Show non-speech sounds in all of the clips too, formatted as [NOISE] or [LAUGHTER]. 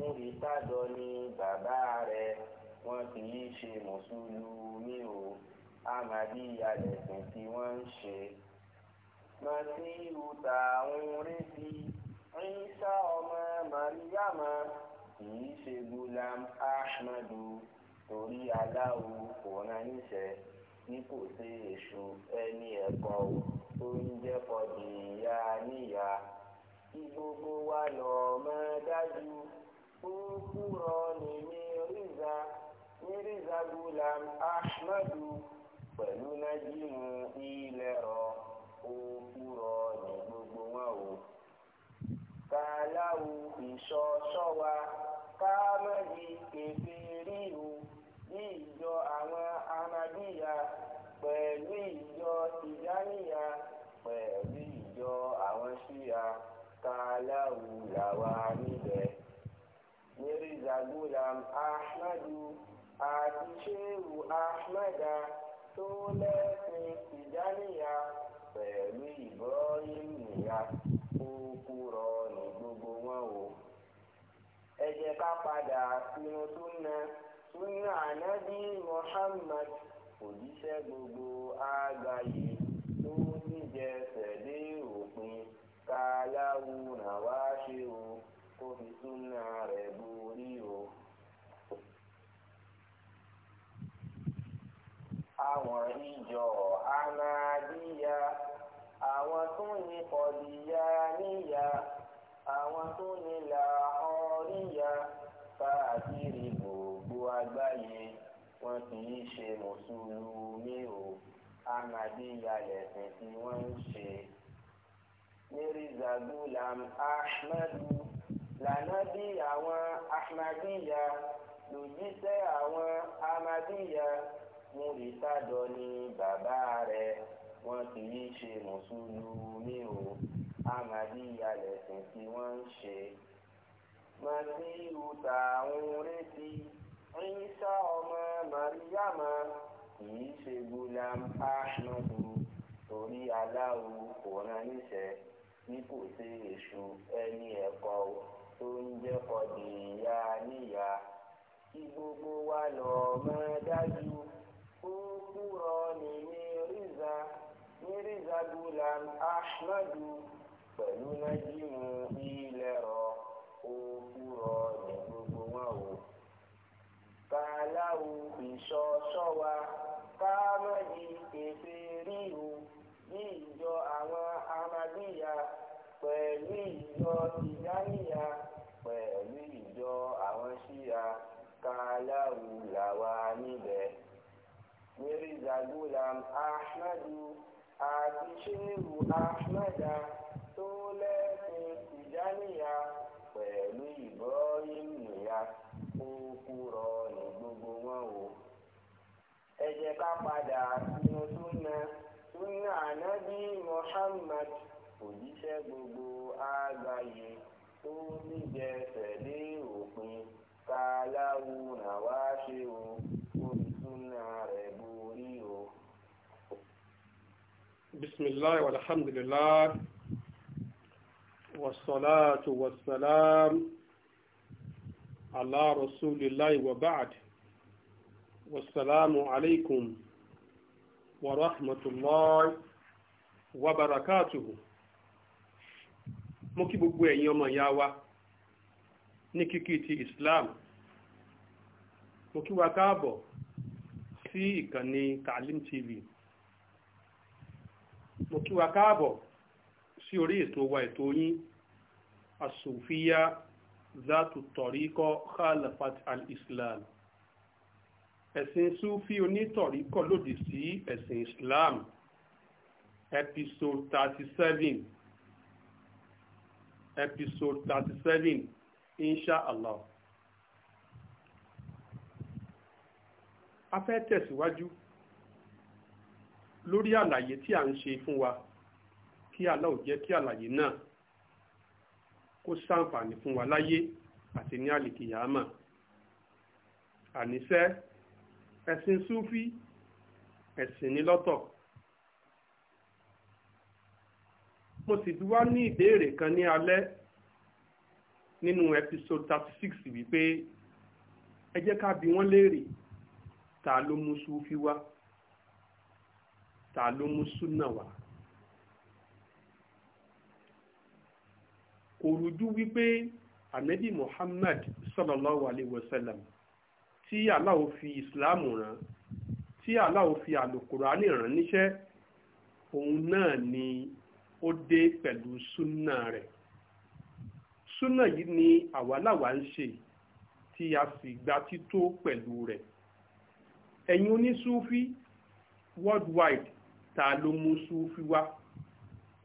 níbi tádọ ni bàbá rẹ̀ wọ́n kì í ṣe mùsùlùmí o amadi alẹ̀sìn tí wọ́n ń ṣe. masiru tààrùn retí Ìsá ọmọ mariama kì í ṣe gulam ahmadu torí aláwo kò rán níṣẹ́ tí kò sí èṣù ẹni ẹ̀kọ́ tó ń jẹ́ kọdìyà níyà kí gbogbo wa lọ́ọ́ mọ́ dájú. Òkúrọ̀ọ̀nì ni Ríza ní Ríza Gulam Ahmadu pẹ̀lú Nájímù Ilẹ̀rọ̀ Òkúrọ̀ọ̀nì gbogbo wọn o. Kàláwù ìṣọṣọ́ wa káàmọ́dì kèfé ríru ní ìjọ àwọn Amadíyà pẹ̀lú ìjọ Tìjáníyà pẹ̀lú ìjọ àwọn Ṣíyà kàláwù làwa níbẹ̀. mirza gulam ahmadu àti shehu ahmeda tó lẹ́sìn tìjáníyà pẹ̀lú ibrahim nìyà kúkú rọ ní gbogbo wọn o. ẹ jẹ́ ká padà sínú súnà súnà ànábì muhammad òjíṣẹ́ gbogbo àgbáyé tó ti jẹsẹ̀ dé òpin ká láwùrán o. kó fi súnà rẹ̀ bu orí o. àwọn ìjọ Ahmadiyya àwọn tó ní kọ̀díyà níyà àwọn tó ní làhọ́ríyà káàkiri gbogbo àgbáyé wọn kì í ṣe mùsùlùmí o Ahmadiyya lẹ̀sìn tí wọ́n ń ṣe. Mirza Ghulam Ahmadu lànà bí àwọn ahmadiyya lòjíṣẹ́ àwọn ahmadiyya múritádọ ni bàbá rẹ̀ wọ́n kì í ṣe mùsùlùmí o ahmadiyya lẹ̀sìn tí wọ́n ń ṣe. masiru tààrùn retí Ìsá ọmọ màríyàmá kì í ṣe gulam ahmadu torí aláwo kò rán níṣẹ́ kò ṣe èṣù ẹni ẹ̀kọ́ o tó ń jẹ́ kọ̀dìyà níyà kí gbogbo wa lọ mọ̀ dájú ó kúrọ ní mírízà mírízà gulam ahmadu pẹ̀lú nájímù ilẹ̀ rọ ó kúrọ ní gbogbo wọn o kàláwù ìṣọṣọ wa káàmọ́dì ètè ríru ní ìjọ àwọn amadíyà pẹ̀lú ìjọ tìjáníyà pẹ̀lú ìjọ àwọn ṣíya káláwù làwà níbẹ̀. Mirza Gulam Ahmadu àti Shehu Ahmada tó lẹ́sìn Tìjáníyà pẹ̀lú Ibrahim nìyà ó kúrọ ní gbogbo wọn o. Ẹ jẹ́ ká padà sínú súnà súnà ànábì Muhammad òjíṣẹ́ gbogbo àgbáyé tó níjẹsẹ̀ lé òpin káláwù nàwa ṣe o onísúnà rẹ̀ borí o. bisimilahi walhamdulilah wasalaatu wasalaam ala rasulillahi wa ba'd wasalaamu alaykum wa rahmatullahi wa barakatuhu mo kí gbogbo ẹ̀yin ọmọ ìyá wa ní kíkí ti Islam mo kí wa káàbọ̀ sí ìkànnì Taalim TV mo kí wa káàbọ̀ sí orí ètò wa ètò yín asòfíà zatu tọ̀ríkọ khalafat al-Islam ẹ̀sìn sufi onítọ̀ríkọ lòdì sí ẹ̀sìn Islam episode thirty seven episode thirty seven inshallah. a fẹ́ tẹ̀síwájú lórí àlàyé tí a ń ṣe fún wa kí Allah jẹ́ kí àlàyé náà kó ṣàǹfààní fún wa láyé àti ní àlìkìyàmà àníṣẹ́ ẹ̀sìn súfí ẹ̀sìn ní mo sì bí wá ní ìbéèrè kan ní alẹ́ nínú episode thirty six wípé ẹ jẹ́ ká bi wọ́n léèrè ta ló mú súfí wá ta ló mú súnà wá. kò rújú wípé ànábì Muhammad sallallahu alayhi wa sallam tí Allah fi ìsìláàmù rán tí Allah fi àlùkùránì rán níṣẹ́ òun náà ni ó dé pẹ̀lú súnà rẹ̀ súnà yìí ni àwàláwà ń ṣe tí a sì gba tító pẹ̀lú rẹ̀ ẹ̀yin onísúfí worldwide ta ló mú súfí wá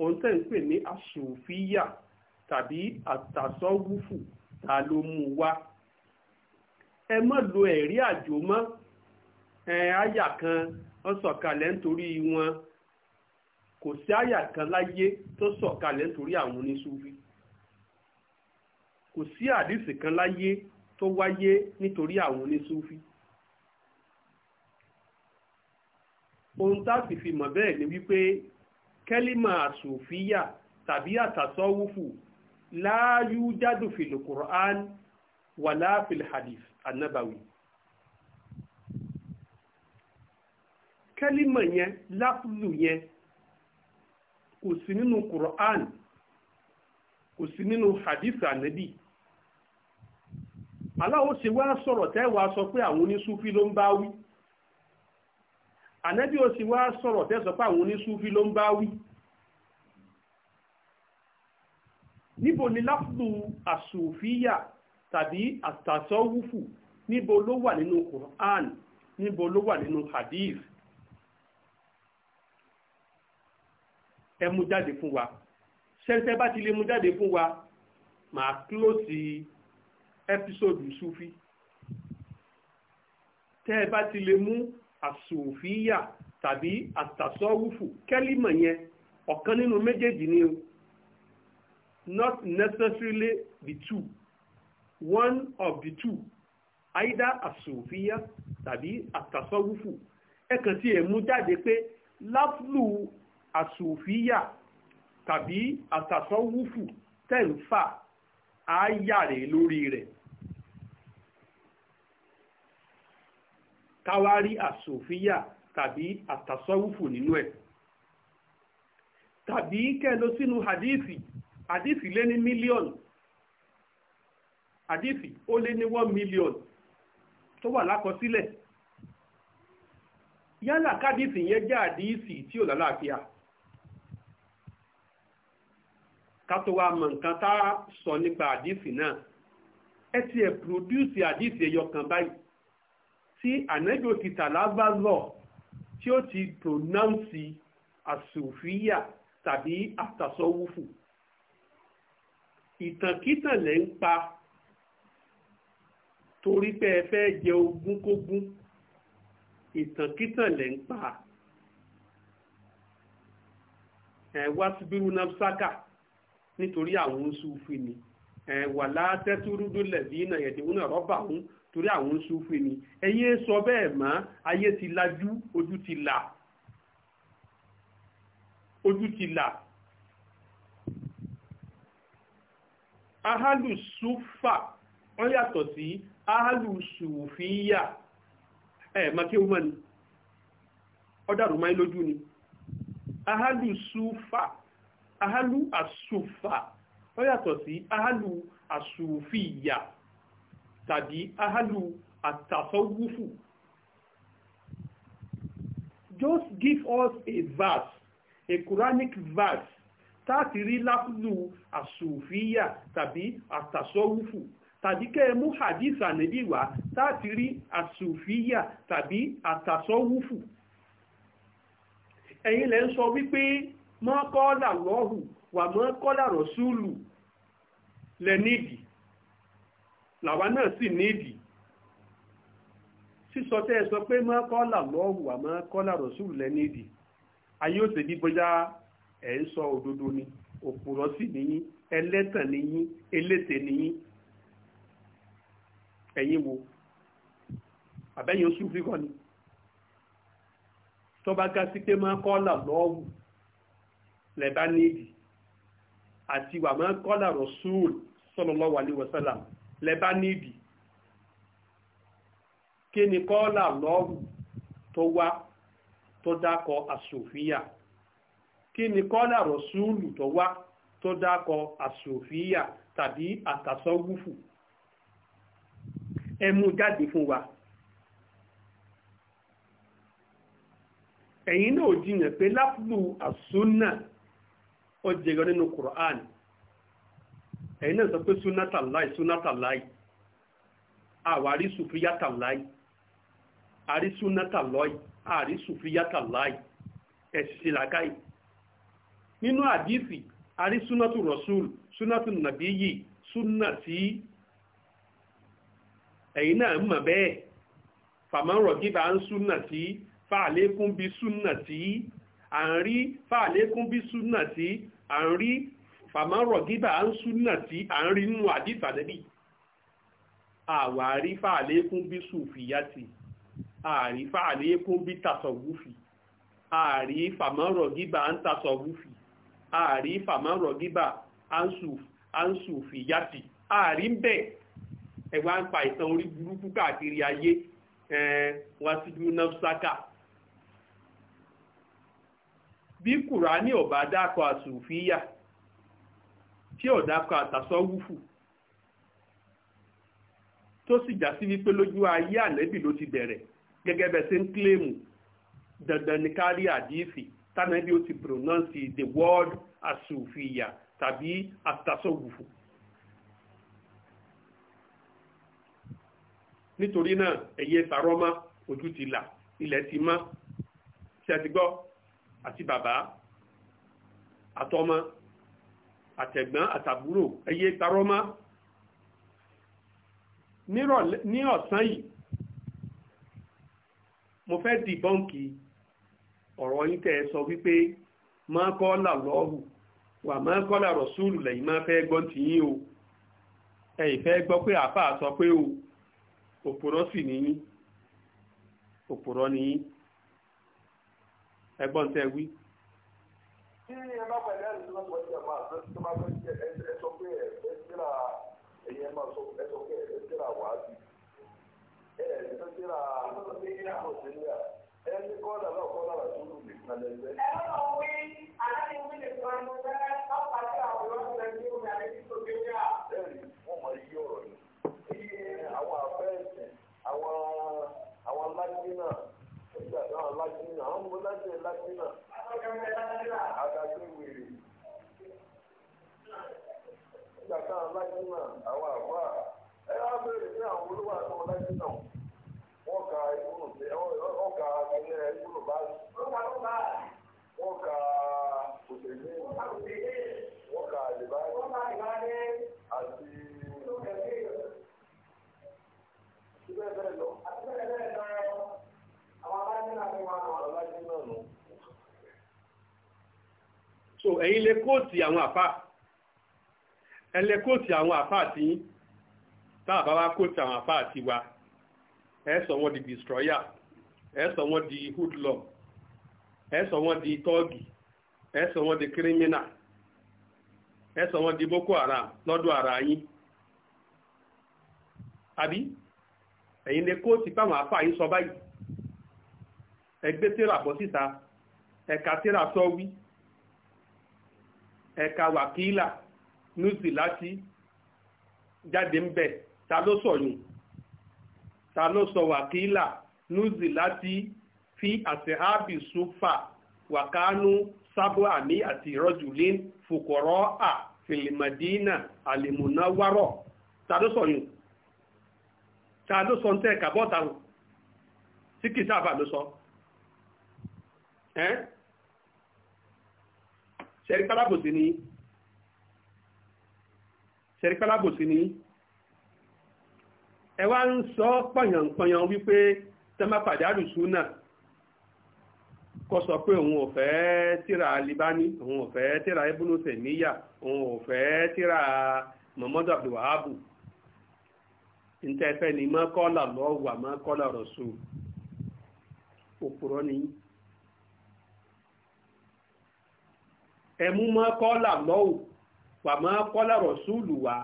ohun tẹ́ ń pè ní àsòfíyà tàbí àtàsọ́wúfù ta ló mú wá ẹ má lo ẹ̀rí àjò mọ́ ẹ̀ áyà kan ọ̀sọ̀kalẹ̀ nítorí wọn kò sí àyà kan láyé tó sọ̀kalẹ̀ nítorí àwọn oníṣúfí kò sí àdìsí kan láyé tó wáyé nítorí àwọn oníṣúfí ohun tá a sì fi mọ̀ bẹ́ẹ̀ ni wípé kẹ́límà àsòfíyà tàbí àtàsọ́wùfù láàyú jádù fìlù kùrán wà láàfìl hadith annabawi kẹ́límà yẹn láfùlù yẹn kò sí nínú Quran kò sí nínú hadith ànábì aláwo ṣe wá sọ̀rọ̀ tẹ́ wàá sọ pé àwọn oníṣúfí ló ń bá wí ànábì ó sì wá sọ̀rọ̀ tẹ́ sọ pé àwọn oníṣúfí ló ń bá wí níbo ni láfùdù àsùfíyà tàbí àtàsọ́wúfù níbo ló wà nínú Quran níbo ló wà nínú hadith ẹ mú jáde fún wa ṣẹ́ńtẹ́ bá ti lè mú jáde fún wa màá kílòsì ẹ́písòdù sufi tẹ́ ẹ bá ti lè mú àsòfíyà tàbí àtàsọ́wùfù kẹ́límọ̀ yẹn ọ̀kan nínú méjèèjì ni o not necessarily the two one of the two either àsòfíyà tàbí àtàsọ́wùfù ẹ kàn ti ẹ̀ mú jáde pé láflù àsùfíyà tàbí àtàsọ́wúfù tẹ́ ń fà á yàrá lórí rẹ̀ káwárí àsùfíyà tàbí àtàsọ́wúfù nínú ẹ̀ tàbí kẹ́lọ sínú hadithi hadithi lé ní mílíọ̀nù hadithi ó lé ní one million tó wà lákọsílẹ̀ yálà kádìsì yẹn jẹ́ hadithi tí ò lálàáfíà. La ká tó wá mọ̀ nǹkan tá a sọ nípa àdìsí náà ẹ ti ẹ̀ pòdúsì àdìsí ẹyọ kan báyìí tí ànágbò ti tàlábà lọ tí ó ti pronounce àsòfíà tàbí àtàsọ́wúfù ìtànkítàn lẹ́ ń pa torí pé ẹ fẹ́ jẹ ogún kógún ìtànkítàn lẹ́ ń pa ẹ wá síbírú náà sáká nítorí àwọn Sufi ni wà látẹ́túrúdú lẹ̀bí náà yẹ̀dẹ̀ wọn rọ́bà wọn torí àwọn Sufi ni ẹ̀yin sọ bẹ́ẹ̀ mọ́ ayé ti lajú ojú ti là ojú ti là ahalu sufa wọ́n yàtọ̀ sí ahalu sufiya ẹ̀ makéwọ́n ni ọ̀dàrú máa lójú ni ahalu sufa. ahalu asufa ó yàtọ̀ sí ahalu asufiya tàbí ahalu atasawufu just give us a verse a Quranic verse táàtì rí láfúlù àsùfíyà tàbí àtàsọ́wúfù tàbí kẹ́ ẹ mú hadith ànẹ́bí wá táàtì rí àsùfíyà tàbí àtàsọ́wúfù ẹ̀yin lẹ́ ń sọ wípé mọ́kọ́lá lọ́hù wà mọ́kọ́lá rọ̀ṣúlù lẹ nídìí làwa náà sì nídìí sísọ tẹ́ ẹ sọ pé mọ́kọ́lá lọ́hù wà mọ́kọ́lá rọ̀ṣúlù lẹ nídìí ayé ó bí bóyá ẹ̀ ń sọ òdodo ni òpùrọ̀ sì nìyí ẹlẹ́tàn nìyí elétè nìyí ẹ̀yin wo àbẹ́yìn oṣù fíkọ́ ni tó ga sí pé mọ́kọ́lá lọ́hù lẹ́bá nídìí àti wà máa kọ́là rasul sallallahu alaihi wasallam lẹ́bá nídìí kí ni kọ́là lọ́wù tó wá tó dákọ̀ àsòfíà kí ni kọ́là rọ̀súùlù tó wá tó dákọ̀ àsòfíà tàbí àtàsọ́gùfù ẹ mú jáde fún wa ẹ̀yin náà jiyàn pé lápùlù àsúnà ó jẹyọ nínú Quran ẹ̀yin náà sọ pé sunatallahi sunatallahi àwárí sùfìyàtàláì àrí sunatallahi àrí sùfìyàtàláì ẹ̀sìn làkàì nínú àdìsí àrí sunatu rasul sunatu nàbíyì sunati ẹ̀yin náà mọ̀ bẹ́ẹ̀ fàmọ́rọ̀ gíga ń sunati fàlékún bí sunati à ń rí fàlékún bí súnà tí à ń rí fàmọ́rọ̀ gíbà à ń súnà tí à ń rí nínú àdìsá nẹ́bí àwárí fàlékún bí sùfìyàtì àrí fàlékún bí tasọ̀wúfì àrí fàmọ́rọ̀ gíbà à ń tasọ̀wúfì àrí fàmọ́rọ̀ gíbà à ń sùfìyàtì àrí ń bẹ̀ ẹ̀wà pa ìtàn orí burúkú káàkiri ayé wọ́n síjú náà sáká bí kùránì ò bá dákọ̀ àsùfíyà tí ò dákọ̀ àtàsọ́wúfù tó sì já sí wípé lójú ayé ànẹ́bì ló ti bẹ̀rẹ̀ gẹ́gẹ́ bẹ́ẹ̀ ṣe ń kílèmù dandan ní kárí àdífì tánàbí ó ti pronounce the word àsùfíyà tàbí àtàsọ́wúfù. nítorí náà ẹ̀yẹ tàrọ́mà ojú ti là ilẹ̀ ti mọ́ ṣe àti gbọ́ àti bàbá àtọmọ àtẹ̀gbọ́n àtàbúrò ẹyẹ parọ́ mọ́ ní ọ̀sán yìí mo fẹ́ dìbọ́ǹkì ọ̀rọ̀ yín tẹ́ ẹ sọ wípé máa kọ́ là lọ́hù wà máa kọ́ là rọ̀súùlù lẹ́yìn máa fẹ́ gbọ́ ti yín o ẹ̀yìn fẹ́ gbọ́ pé àáfàá sọ pé o òpùrọ́ sì nìyí òpùrọ́ nìyí ẹgbọ́n tẹ́ wí. tí ẹ bá pẹ̀lú ẹ̀rí lọ́pọ̀ tí ẹ máa tó máa fẹ́ ṣe ẹ sọ pé ẹ fẹ́ síra ẹ̀yẹ máa sọ ẹ sọ pé ẹ síra wàásù ẹ fẹ́ síra nàìjíríà ẹ ní kọ́ńdà náà kọ́ńdà náà tó lù nìkan lẹ́gbẹ́. ẹ bá wọn wí àtàkì wí lè fún ẹnu bẹ́ẹ̀ ọ̀pá tí àwọn ọ̀rọ̀ ṣe ń gbé wọn àti tó gbé wíwá. bẹ́ẹ̀ni wọn máa yí ọ̀rọ̀ yìí iye àwọn àfẹ́ àwọn àwọn alágbé náà latina àwọn ọmọ láti ẹ̀ latina àtàkùn wèrè nígbà táwọn latina àwọn àbá ẹ á bẹ̀rẹ̀ sí àwọn olówó àtàwọn latina wọ́n ka ìgbónú sí wọ́n ka ìgbónú ìgbónú báyìí wọ́n ka òṣèlú wọ́n ka àlèbáyé àti síbẹ̀ bẹ́ẹ̀ lọ. so ẹ̀yin lè kóòtì àwọn àfà ẹ lè kóòtì àwọn àfà tí táà wá kóòtì àwọn àfà tí wa ẹ sọ wọn di destroyer ẹ sọ wọn di hoodlum ẹ sọ wọn di tọ́ọ̀gì ẹ sọ wọn di criminal ẹ sọ wọn di boko haram lọ́dọ̀ ara yín àbí ẹ̀yin lè kóòtì táwọn àfà yín sọ báyìí ẹgbẹ́ tíra bọ́ síta ẹ̀ka tíra sọ́wí ẹ̀ka wàkílà nùsì láti jáde ń bẹ̀ ta ló sọ̀yún ta ló sọ wàkílà nùsì láti fi àṣehábì súfà wàkánú sábò àmì àti rọ́jùlín fòkọ̀rọ́ à fìlìmọ̀dínà àlèmùná wárọ̀ ta ló sọ̀yún ta ló sọ ń tẹ́ ẹ̀ka bọ́ta tí kìí sábà ló sọ. So ṣẹ̀rí kálábòsí ni ṣẹ̀rí kálábòsí ni ẹ wá ń sọ pọ̀yànpọ̀yàn wípé tẹ́mà súnà sọ pé òun ò tíra Alibani òun ò tíra Ibnu Tẹ̀míyà òun ò tíra Muhammadu Abdulwahabu ntẹfẹ ni kọla lọ́wọ́ àmọ́kọ́là rọ̀ṣù ẹ̀mú mọ́ kọ́là lọ́wọ́ wà mọ́ kọ́là rọ̀súùlù wa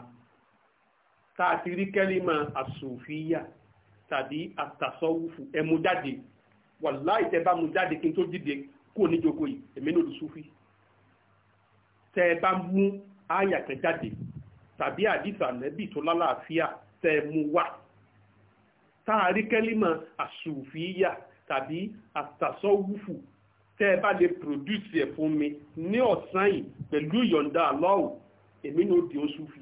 tá a ti rí kẹ́límà àsòfíyà tàbí àtàsọ́wùfù ẹ̀mú jáde wàláì tẹ́ bá mu jáde kí n tó dìde kúrò níjókòó yìí èmi ní olùsúfì tẹ́ ẹ bá mú àyà kan jáde tàbí àdìsà lẹ́bì tó lálàáfíà tẹ́ mú wá tá a àsòfíyà tàbí àtàsọ́wùfù tẹ́ ẹ bá lè produce ẹ̀ fún mi ní ọ̀sán yìí pẹ̀lú ìyọ̀ǹda àlọ́wù èmi ní òdì oṣù fi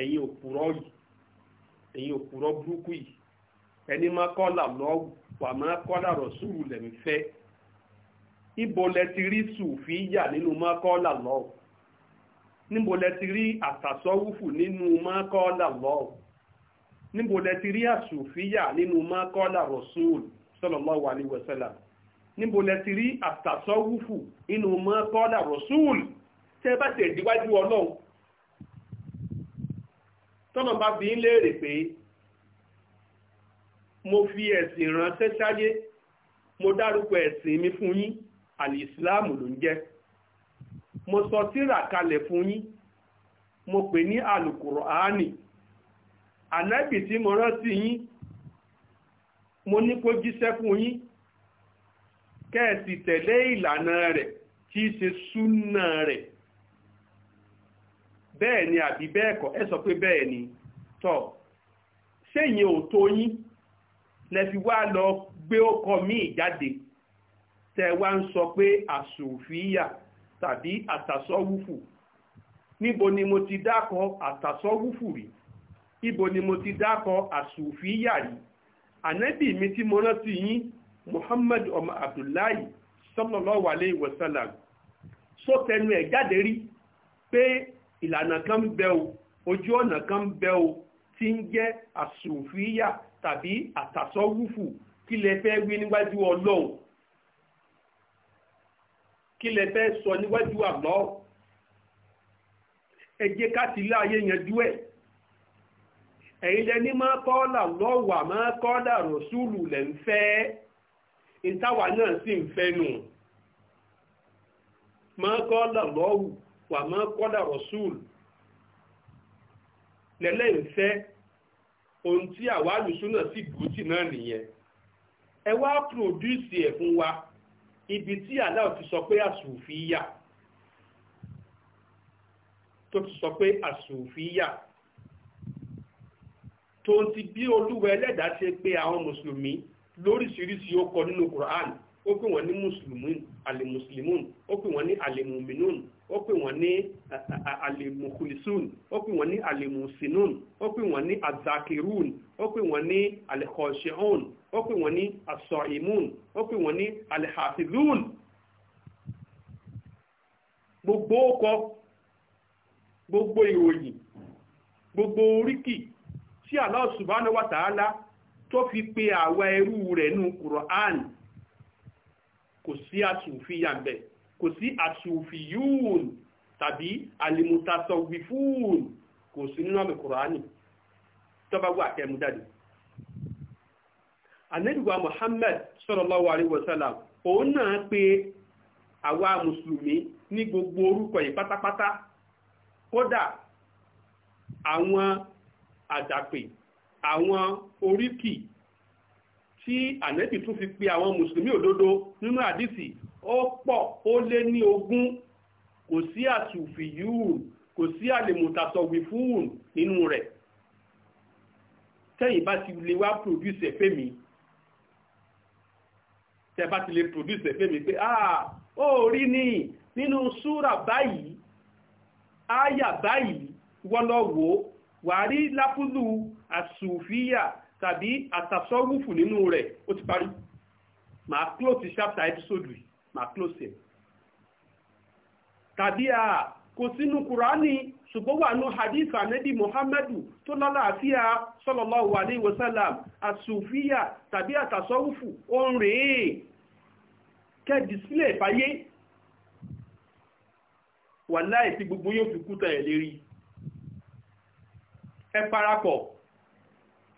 ẹ̀yin òpùrọ̀ yìí ẹ̀yin òpùrọ̀ burúkú yìí ẹni má kọ́là lọ́wù wà má kọ́là rọ̀ṣùrù lẹ̀mí fẹ́ ibo lẹ ti rí sùfíyà nínú má kọ́là lọ́wù níbo lẹ ti rí àtàsọ́wùfù nínú má kọ́là lọ́wù níbo lẹ ti rí àsùfíyà nínú má kọ́là rọ̀ṣùrù sallallahu alaihi wasallam níbo lẹ ti rí àtàsọ́wúfù inú mọ́ kọ́lá rọ̀súùlù tẹ́ bá tẹ̀ díwájú ọlọ́run tọ́nà bá fi ń léèrè pé mo fi ẹ̀sìn ránṣẹ́ sáyé mo dárúkọ ẹ̀sìn mi fún yín àlìsíláàmù ló ń jẹ́ mo sọ tírà kalẹ̀ fún yín mo pè ní àlùkùrọ̀ áánì ànábì tí mo rán sí yín mo ní kó jíṣẹ́ fún yín kẹ́ẹ̀sì tẹ̀lé ìlànà rẹ̀ tí í ṣe súnà rẹ̀ bẹ́ẹ̀ ni àbí bẹ́ẹ̀ kọ́ ẹ sọ pé bẹ́ẹ̀ ni tọ́ sẹ́yìn ò tó yín lẹ wá lọ gbé ọkọ míì jáde tẹ wá ń sọ pé àsòfíà tàbí àtàsọ́wúfù níbo ni mo ti dákọ̀ àtàsọ́wúfù rí ibo ni mo ti dákọ̀ àsòfíà rí ànábì mi tí mo rántí yín muhammad ọmọ abdullahi sallallahu alayhi wa sallam sọ tẹnu ẹ̀ jáde rí pé ìlànà kan bẹ́ o ojú ọ̀nà kan bẹ́ o tí ń jẹ́ àsùnfíyà tàbí àtàsọ́wùfù kí lẹ fẹ́ wí níwájú ọlọ́run kí lẹ fẹ́ sọ níwájú àlọ́ ẹ jẹ́ ká láàyè yanjú ẹ̀ ẹ̀yin lẹ ní máa kọ́là lọ́wà máa rọ̀ṣúlù lẹ̀ ń fẹ́ náà sì ń nù máa wà máa kọ́là rọ̀ṣúlù lẹ́lẹ́ ń fẹ́ ohun tí àwa àlùsùn náà sì dùn náà nìyẹn ẹ wá pòdúsì ẹ̀ fún wa ibi tí aláwọ̀ ti sọ pé àsùnfìyà tó ti tó ń ti bí olúwa ẹlẹ́dàá ṣe pé àwọn mùsùlùmí lóríṣiríṣi ó kọ nínú Quran ó pè wọ́n ní mùsùlùmí alimuslimun ó pè wọ́n ní alimuminun ó pè wọ́n ní alimukulisun ó pè wọ́n ní alimusinun ó pè wọ́n ní azakirun ó pè wọ́n ní alikọ̀ṣeun ó pè wọ́n ní asọ̀imun ó pè wọ́n ní alihafizun gbogbo ọkọ gbogbo ìròyìn gbogbo oríkì tí Allah subhanahu wa ta'ala tó fi pe àwa ẹrú rẹ̀ nù Qur'an kò sí àsùnfìyà ń bẹ kò sí àsùnfìyùn tàbí alimutasawwifun kò sí nínú àmì Qur'ani tọ́ba wà kẹ́mu jáde. Ànẹ́dùwà Muhammad sallallahu alaihi wasallam òun náà pé àwa mùsùlùmí ní gbogbo orúkọ yìí pátápátá kódà àwọn àdàpè àwọn oríkì tí ànẹ́bì tún fi pe àwọn mùsùlùmí òdodo nínú àdìsí ó pọ̀ ó lé ní ogún kò sí àtùfìyún kò sí àlèmùtàsọ̀wìfún nínú rẹ̀ tẹ́yìn bá ti lè wá produce ẹ̀fẹ́ mi tẹ́ bá ti lè produce ẹ̀fẹ́ mi pé ah ó rí ni nínú súrà báyìí áyà báyìí wọ́n lọ wò ó wàá rí lápúlù àsùfíà tàbí àtàsọ́wùfù nínú rẹ̀ ó ti parí màá close chapter episode yìí màá close ẹ̀ tàbí a kò sínú kùránì ṣùgbọ́n wà ní hadith anẹ́bí muhammadu tó lálàáfíà sallallahu alayhi wa sallam àsùfíà tàbí àtàsọ́wùfù ó ń rèé kẹ́ display ìfàyè wàláì tí gbogbo yóò fi kúta ẹ̀ lérí ẹ parapọ̀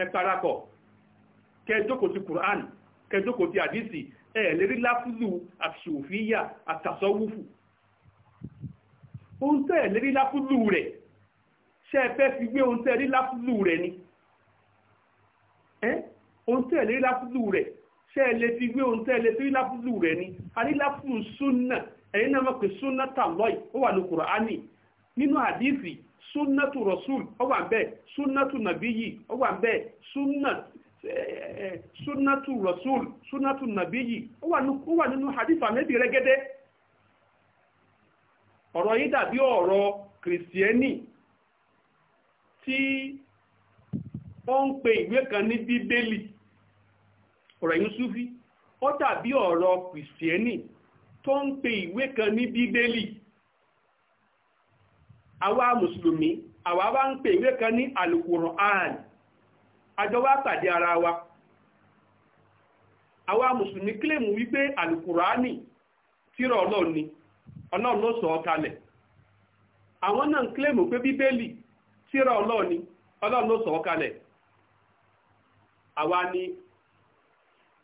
ẹ parapọ̀ kẹ jókòó ti Quran kẹ jókòó ti àdìsí ẹ lè rí láfúlù àṣòfíyà àtàsọ́wúfù ohun tẹ́ ẹ lè rí láfúlù rẹ̀ ṣé ẹ fẹ́ fi gbé ohun tẹ́ ẹ rí láfúlù rẹ̀ ni ohun tẹ́ ẹ lè rí láfúlù rẹ̀ ṣé ẹ lè fi gbé ohun tẹ́ ẹ lè fi rí láfúlù rẹ̀ ni àríláfúlù súnà ẹ̀yin náà mọ̀ pé súnà tàlọ́ì ó wà ní súnàtù rasul ó wà bẹ́ẹ̀ súnàtù nàbíyì ó wà bẹ́ẹ̀ súnàtù eh, eh, rasul súnàtù nàbíyì ó wà nínú hadith ànábì rẹ́gẹ́dẹ́ ọ̀rọ̀ yìí dàbí ọ̀rọ̀ kìrìsìẹ́nì tí ó ń pe ìwé kan ní bíbélì ọ̀rọ̀ yìí súfí ó dàbí ọrọ kristiani tó ń pe ìwé kan ní bíbélì àwa mùsùlùmí àwa wá ń pè ìwé kan ní alukur'an àjọ wá ara wa àwa mùsùlùmí kílèmù wípé alukur'ani tíra ọlọ́run ni ọlọ́run ló sọ kalẹ̀ àwọn náà kílèmù pé bíbélì tírà ọlọ́run ni ọlọ́run ló sọ kalẹ̀ àwa ni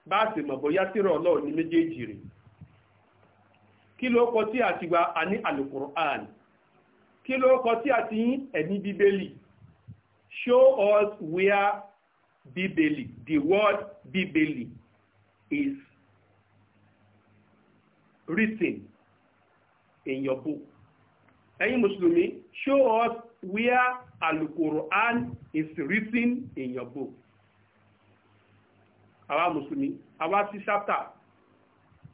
bá a sì mọ̀ bóyá tírà ọlọ́run ni méjèèjì rè kí ló kọ àtiwá kí ló kọ tí àti yín ẹ̀ní bíbélì show us where bíbélì the word bíbélì is written in your book ẹ̀yin mùsùlùmí show us where alukoran is written in your book àwa mùsùlùmí àwa sí chapter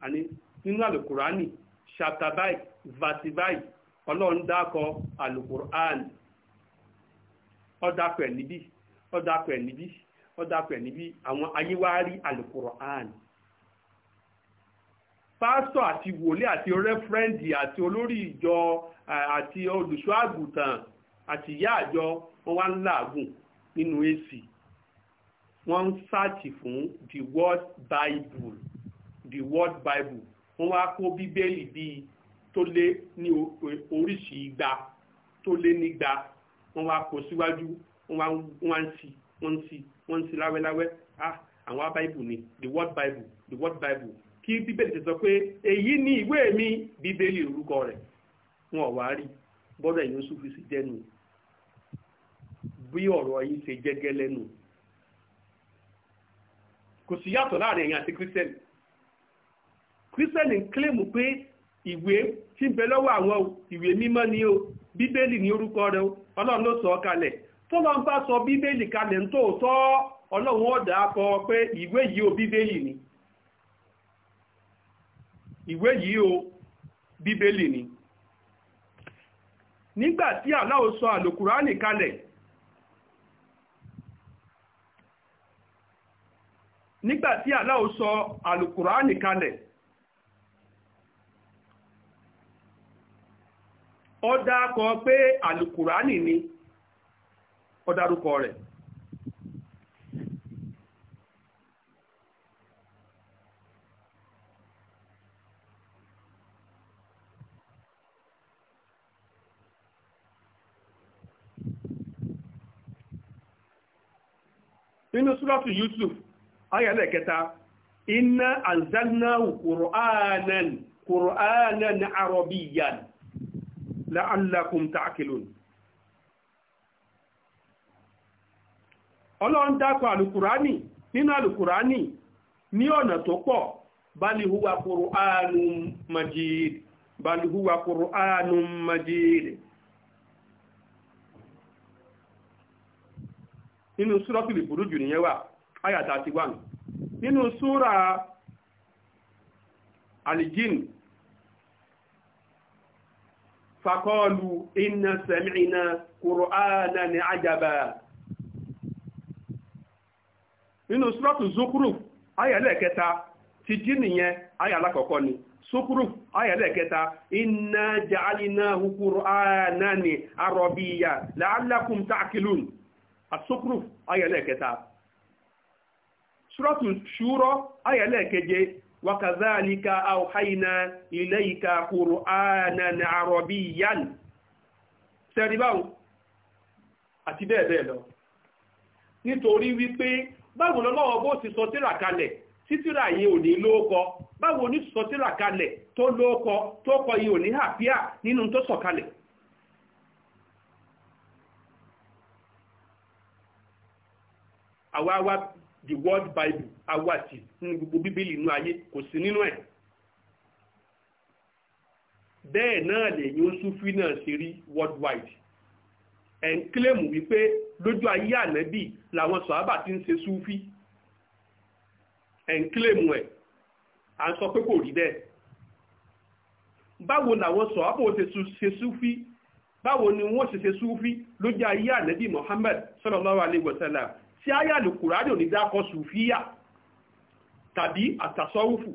àní nínú alukorani chapter by verse by ọlọ́run dákọ alukur'an ọ̀dàpẹ̀ níbí ọ̀dàpẹ̀ níbí ọ̀dàpẹ̀ níbí àwọn ayéwárí alukur'an pásítọ̀ àti wòlé àti rẹ́fúrẹ́ǹdì àti olórí ìjọ àti olùṣọ́ àgùntàn àti ìyá àjọ wọn wá ń làágùn nínú èsì wọ́n ń sáàtì fún the word bible the word bible wọ́n wá kó bíbélì bíi tó lé ní oríṣi igba tó lé nígba wọ́n wá kó síwájú wọ́n ń sí wọ́n ń sí wọ́n ń sí láwẹ́láwẹ́ ah àwọn bible ni the word bible the word bible kí bíbélì ti sọ pé èyí ni ìwé mi bíbélì orúkọ rẹ̀ wọn ò wá rí bọ́dọ̀ ẹ̀yìn oṣù fèsì jẹ́nu bí ọ̀rọ̀ yìí ṣe jẹ́gẹ́ lẹ́nu kò sí yàtọ̀ láàrin ẹ̀yìn àti kírísítẹ́nì kírísítẹ́nì ń kílèmù pé ìwé tí ń bẹ lọ́wọ́ àwọn ìwé mímọ́ ni o bíbélì ní orúkọ rẹ ọlọ́run ló sọ ọ́ kalẹ̀ tó bá sọ bíbélì kalẹ̀ ń ọlọ́run ó o bíbélì ni ìwé yìí o bíbélì ni nígbà ó dákọ pé àlùkùránì ni ó dárúkọ rẹ̀ nínú súrọ́tù Yusuf ayẹ̀lẹ̀ kẹta inna anzalnahu qur'anan qur'anan arabiyyan la'allakum ta'qilun ọlọ́run dákọ̀ alùkùránì nínú alùkùránì ní ọ̀nà tó pọ̀ balihuwa qur'anun majid balihuwa qur'anun majid nínú súrọ́pìlì burújù nìyẹn wà ayàtà ti wà nínú súra alijin fàkọ́ọ̀lù iná sẹ̀mìnà kùrọ̀ánà ní àjàbà nínú sọ́tù zukuruf ayẹ̀lẹ́kẹta ti jí nìyẹn ayàlákọ̀ọ́kọ́ ni zukuruf ayẹ̀lẹ́kẹta iná jàálínà kùrọ̀ánà ní arọ̀bíyà làálàkùn tàkìlùn àzukuruf ayẹ̀lẹ́kẹta sọ́tù ṣúrọ́ ayẹ̀lẹ́kẹje وكذلك أوحينا إليك قرآنا عربيا سرباو àti bẹ́ẹ̀ bẹ́ẹ̀ lọ nítorí wípé báwo lọ́lọ́wọ́ bó ti sọ tírà kalẹ̀ tí tírà yìí ò ní lóókọ báwo ní sọ tírà kalẹ̀ tó lóókọ tó kọ yìí ò ní hàpíà nínú tó sọ kalẹ̀ àwa wa the word bible awàtì nínú gbogbo bíbélì inú ayé kò sí nínú ẹ̀ bẹ́ẹ̀ náà lèyìn ó súnfí náà ṣe rí worldwide ẹ̀ ń kílèmù wípé lójú ayé ànábì làwọn sọ̀hábà ti ń ṣe súnfí ẹ̀ ń kílèmù ẹ̀ à ń sọ pé kò rí bẹ́ẹ̀ báwo làwọn sọ̀hábà ó ṣe súnfí báwo ni wọ́n ṣe ṣe súnfí lójú ayé ànábì Muhammad sallallahu alaihi wasallam tí àyà lòkùránì òní dákọ sùfíà tàbí àtàsọ́wùfù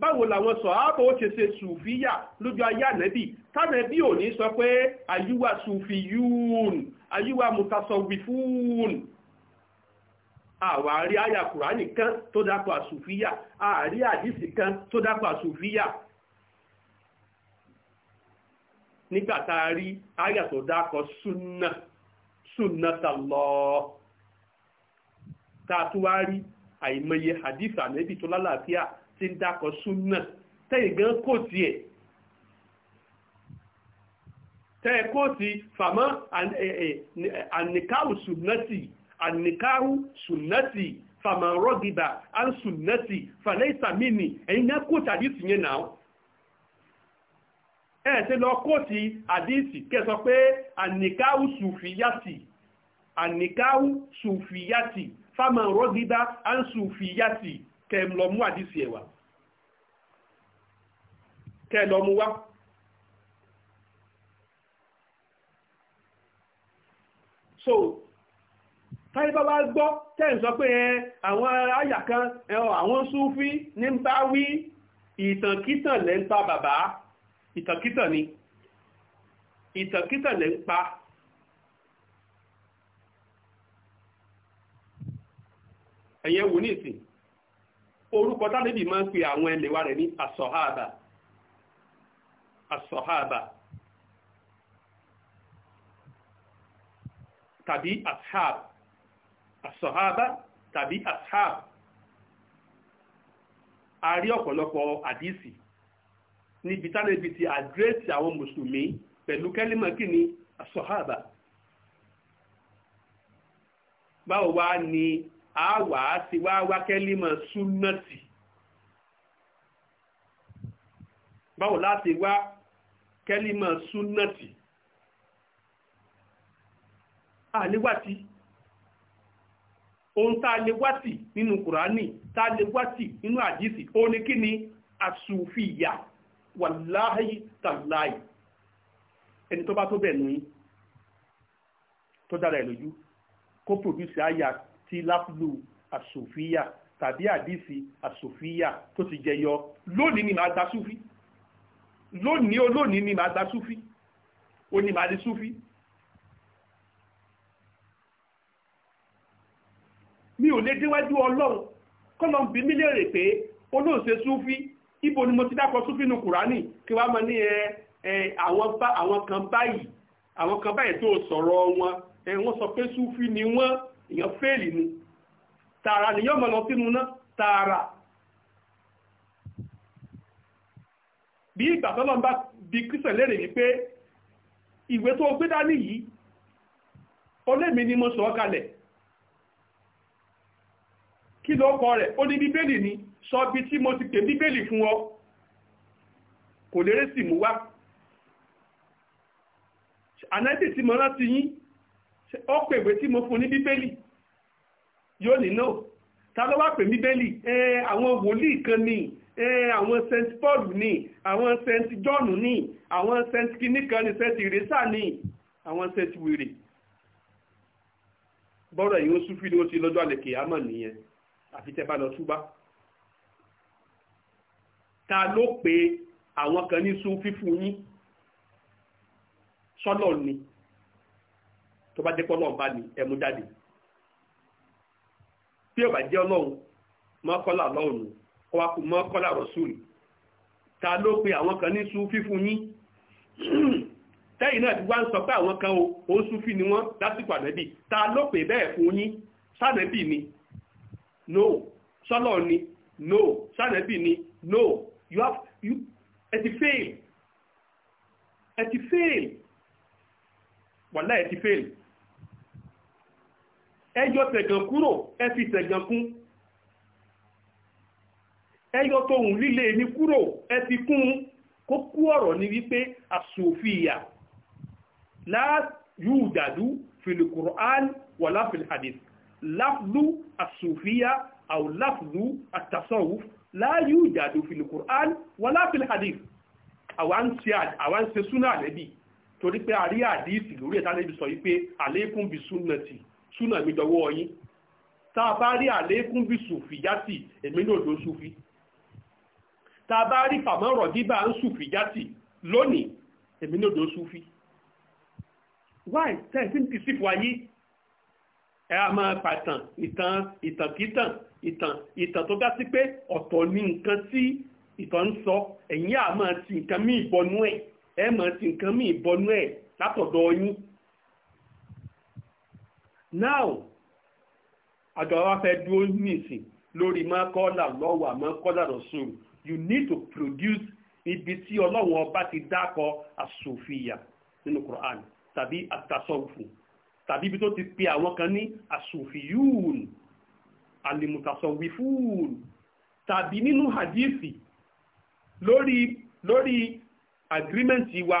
báwo làwọn sọ̀hábà ó ṣe ṣe sùfíyà lójú ayé ànẹ́bì tánẹ́bì ò ní sọ pé àyíwá sùfìyún àyíwá mutasọ̀wìfún àwa àrí àyà kùránì kan tó dápọ̀ àsùfíyà àrí àdìsí kan tó dápọ̀ àsùfíyà nígbà tá a rí àyà tó dákọ̀ súnà súnà tàlọ́ọ̀ tá a tún wá rí àìmọye hadith ànẹ́bì tó lálàáfíà tí ń dákọ súnà tẹ́yìn gan kò tiẹ̀ tẹ́ẹ̀ kò tí fàmọ́ àníkáhù e- e- sunnati àníkáhù sunnati fàmọ́ rọ́gìbà án sunnati fàlẹ́ ìsàmìnì ẹ̀yìn náà kò tàbí tìyẹn náà ẹ̀ẹ́sẹ́ lọ kóòtì àdíìsì kẹsọ pé àníkáhù sùfìyàtì àníkáhù sùfìyàtì fáma rọ́gídá ánsù fìyàtì kẹlọmú àdìsí ẹ̀wà kẹlọmú wá so táyébá wá gbọ́ tẹ́ẹ̀ sọ pé àwọn àyà kan àwọn súnfí ní ń bá wí ìtànkítàn lẹ́ ń pa bàbá ìtànkítàn ni ìtànkítàn ń pa ẹ̀yẹ wò ní ìsìn orúkọ tánàbì máa ń pe àwọn ẹlẹ́wà rẹ̀ ní asọ̀háàbà asọ̀háàbà tàbí ashab asọ̀háàbà tàbí ashab a rí ọ̀pọ̀lọpọ̀ àdísì níbi tánàbì ti àdírẹ́sì àwọn mùsùlùmí pẹ̀lú kẹ́límọ̀ kí ni asọ̀háàbà báwo wá ni a wà á ti wá wákẹ́límọ̀ súnmọ́tì báwo láti wá kẹ́límọ̀ súnmọ́tì a níwàtí ohun tá a lè wátì nínú kùránì tá a lè wátì nínú àdísì ó ní kí ni àsùfìyà wàláhì tàláì ẹni tó bá tó bẹ̀ nù yín tó dára ẹ̀ lójú kó pòdùsì àyà tí láfúlù àsòfíà tàbí àdìsí àsòfíà tó ti jẹyọ lónìí ni màá gba súfí lónìí olónìí ni màá gba súfí ó ní màá di súfí. mi ò lè déwájú ọlọ́run kọ́lọ́n bí mí léèrè pé olóòṣè súfí ibo ni mo ti dákọ̀ súfí nu kùránì kí wàá mọ ní ẹ àwọn kan báyìí àwọn kan báyìí tó sọ̀rọ̀ wọn ẹ wọ́n sọ pé súfí ni wọ́n èèyàn fẹ́ẹ̀lì ni tààrà ni yọ́ mọ̀ lọ sínú náà tààrà bí ìgbà tọ́lọ́ ń bá bi Christian léèrè wípé ìwé tó gbé dání yìí olémi ni mo sọ ọ́ kalẹ̀ kí ló kọ rẹ̀ ó ní bíbélì ni sọ bí tí mo ti pè bíbélì fún ọ kò lérè sì mú wá ànáìsì tí mo rántí yín ó pèwé tí mo fún ní bíbélì yóò ní no ta ló wá pè bíbélì àwọn wòlíì kan ni àwọn st paul ni àwọn st john ni àwọn st kìnnìkan ni st irisa ni àwọn st wèrè bọ́rọ̀ yìí ó súnfì ni ó ti lọ́jọ́ àlẹ́ kìámọ̀ nìyẹn àfi tẹ́ bá lọ túbá ta ló pé àwọn kan ní súnfì fún yín sọ́lọ̀ ni tó bá jẹ́ pé ọlọ́run bá ní ẹ̀mú jáde tí ò jẹ́ ọlọ́run mọ́kọ́lá ọlọ́run nù kó wá kú mọ́kọ́lá rọ̀ṣùlù ta ló pe àwọn kan ní sùn yín [CLEARS THROAT] tẹ́yìn náà ti wá ń sọ pé àwọn kan ò ń ni wọ́n lásìkò ànábì ta ló pè bẹ́ẹ̀ fún yín sànábì ni no sọ́lọ̀ ni no sànábì ni no you have you ẹ ti fail ẹ ti fail wàlá ẹ ti fail ẹ yọ tẹ̀gàn kúrò ẹ fi tẹ̀gàn kún ẹ yọ tohùn líle ní kúrò ẹ fi kún kókó ọ̀rọ̀ ni wípé àsòfìyà láyùú dàdú filikur'an wàlá filhadith láflú àsòfìyà àwọn láflú àtàsọ̀wùf láyùú dàdú filikur'an wàlá filhadith àwọn ṣe súnà àlẹ́bí torí pé a rí àdíìsì lórí ẹ̀ta lẹ́bí sọ wípé àlékún bí súnà tì súnà mi dọwọ́ yín tá a bá rí àlékún bí sùfì yátì èmi náà ló sùfì tá a bá rí fàmọ́rọ̀ bíbá ń sùfì yátì lónìí èmi náà ló sùfì why tẹ́sí ń dìsípò ayé ẹ a máa pàtàn ìtàn ìtànkítàn ìtàn ìtàn tó bá sí pé ọ̀tọ̀ ni nǹkan tí ìtàn ń sọ ẹ̀yin a ti nǹkan míì bọnú ẹ̀ ẹ máa ti nǹkan míì bọnú ẹ̀ látọ̀dọ̀ yín now àjọ wa fẹ́ dúró nìsín lórí mọ́kọ́lá lọ́wọ́ àmọ́kọ́lá rọ̀ṣùn you need to produce ibi tí ọlọ́run ọba ti dákọ àsòfìyà nínú Quran tàbí àtàsọ̀fù tàbí ibi tó ti pe àwọn kan ní àsòfìyùn àlìmùtàsọ̀wìfùn tàbí nínú hadithi lórí lórí agreement wa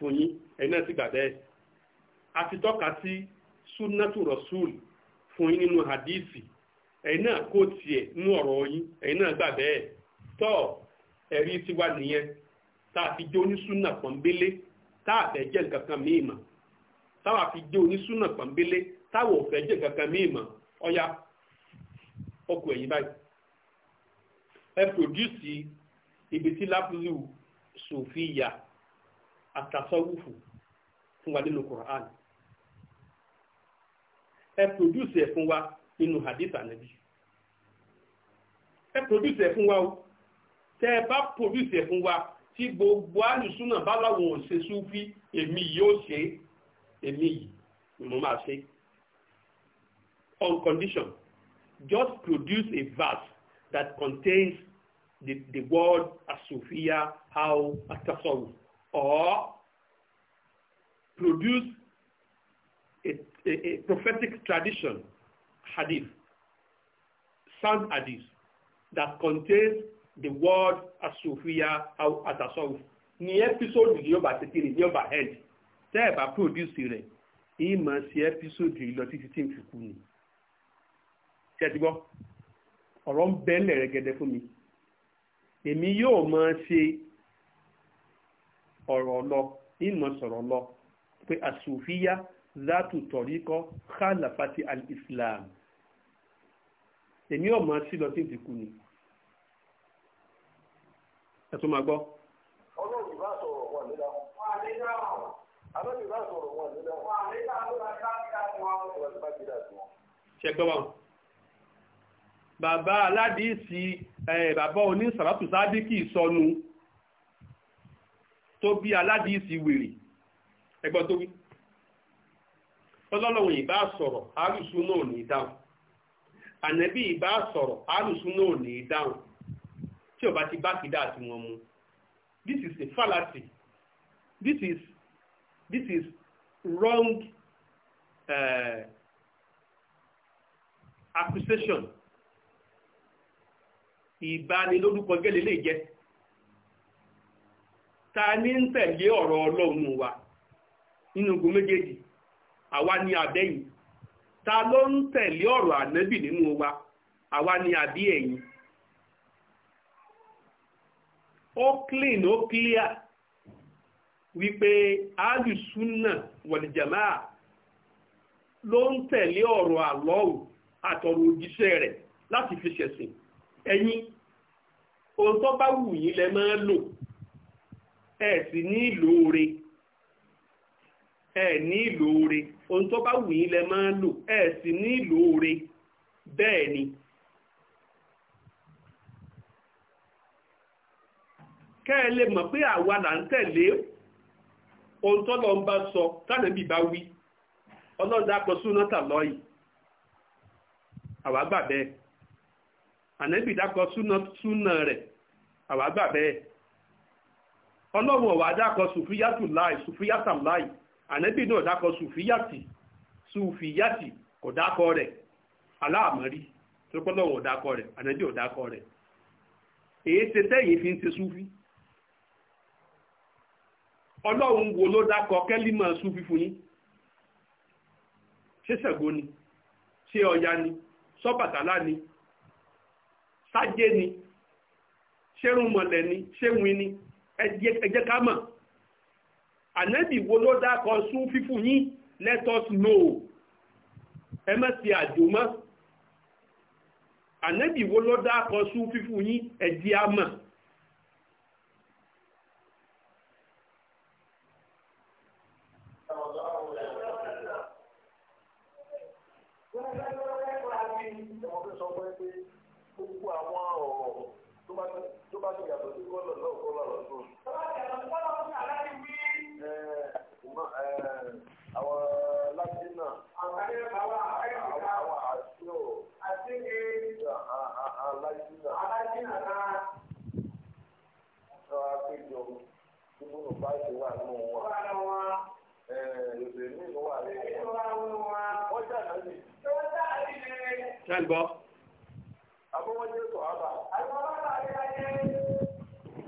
fún yín ẹ̀yin náà sì gbà a ti tọ́ka sí sunatu rasul fún yín nínú hadisi ẹ̀yin náà kó tiẹ̀ nú ọ̀rọ̀ yín ẹ̀yin náà gbà tọ́ ẹ̀rí tiwa nìyẹn tá a fi jẹ́ onísúnà pọ̀nbélé tá a fẹ́ jẹ́ nǹkan kan míì mọ̀ táwa fi jẹ́ onísúnà pọ̀nbélé táwa ò fẹ́ jẹ́ nǹkan kan míì mọ̀ ọkọ̀ ẹ̀yìn báyìí ẹ ibi tí lápúlù sòfíyà Atasawufu, fún wa nínú Quran ẹ pòdúsì ẹ fún wa nínú hadith ànábì ẹ pòdúsì ẹ fún wa o tẹ ẹ bá pòdúsì ẹ fún wa tí gbogbo alùsùnà bá láwọn ò ṣe èmi yìí ṣe èmi yìí ni mo máa ṣe on condition just produce a verse that contains the, the word asofia how atasawufu or produce a, a, a prophetic tradition, hadith, sound hadith, that contains the word as or atasawuf ní ẹ́písòdù yóò bá tètè rè ní ọba head tẹ́ ẹ̀ bá produce rẹ̀ ìmọ̀ sí ẹ́písòdù yìí lọ títí tí n fi kú ni. ṣé ẹ ti gbọ́ ọ̀rọ̀ ń bẹ́ẹ̀lẹ̀ rẹ̀ gẹ́gẹ́ fún mi èmi yóò máa ṣe ọ̀rọ̀ lọ ìmọ̀ sọ̀rọ̀ lọ pé àsùfíyá zátù tọ̀ríkọ́ khalafati al-islam èmi ò mọ̀ sí lọ sí ìdìkú ni ẹ tún máa gbọ́. ọlọ́run bá sọ̀rọ̀ wọn nílá wọn nílá wọn alọ́run bá sọ̀rọ̀ wọn nílá bàbá aládìsí bàbá onísàràtù sádìkì sọnù tó bí aládìísí wèrè ẹgbọ́n tó wí ọlọ́lọ́wọ̀n ìbá sọ̀rọ̀ àrùsù náà ní dáhùn ànẹ́bí ìbá sọ̀rọ̀ àrùsù náà ní dáhùn tí ó bá ti bá kìdá àti wọn mu this is a fallacy this is this is wrong uh, accusation ìbanilórúkọ gẹ́lẹ́ lè jẹ́ ta ní ń tẹ̀lé ọ̀rọ̀ ọlọ́run wa nínú ogun àwa ni àbẹ́yìn ta ló ń tẹ̀lé ọ̀rọ̀ ànẹ́bì nínú wa àwa ni àbí ẹ̀yìn ó clean ó clear wípé alùsùnà ló ń tẹ̀lé ọ̀rọ̀ àlọ́wù àtọ̀rọ̀ òjíṣẹ́ rẹ̀ láti fi ṣẹ̀sìn ẹ sì ní ìlò oore ẹ ní ìlò oore ohun tó bá wù lẹ máa ń lò ní ìlò bẹ́ẹ̀ ni. kẹ́ lè mọ̀ pé àwa là ń tẹ̀lé ohun tó lọ ń bá sọ tánàbí bá wí ọlọ́dà pọ̀ súná tà àwa gbà bẹ́ẹ̀ ànábì dákọ̀ súná rẹ̀ àwa gbà ọlọ́run ọ̀wà dákọ̀ sùfíyàtù láì sùfíyàtàm láì ànẹ́bì náà dákọ̀ sùfíyàtì sùfíyàtì kò dákọ̀ rẹ̀ aláàmọ́rí tọ́pọ́lọ́run ò dákọ̀ rẹ̀ ànẹ́bì ò dákọ̀ rẹ̀ èyí ṣe tẹ́yìn fi ń ṣe súfí ọlọ́run wo ló dákọ̀ kẹ́límà súfí fún yín ṣé Ṣàngó ni ṣé Ọya ni sọ́bàtálá ni sájé ni ṣérùnmọ̀lẹ̀ ni ṣéwin ni. ẹjẹ́ ká mọ̀ ànábì wo ló dákọ̀ sún fífún yín let us know ẹ má ṣe àjò mọ́ ànábì wo ló dákọ̀ sún fífún yín ẹjẹ́ á bá ti yàtọ̀ sí kọ́lọ̀ náà kọ́lọ̀ lọ́dún. àwọn láti náà. àǹfààní àwọn àìsíkà àwọn àṣìṣe o. àti ní. náà. náà náà. wọn. wà ló wà lé. Wọ́n jà náà Wọ́n jà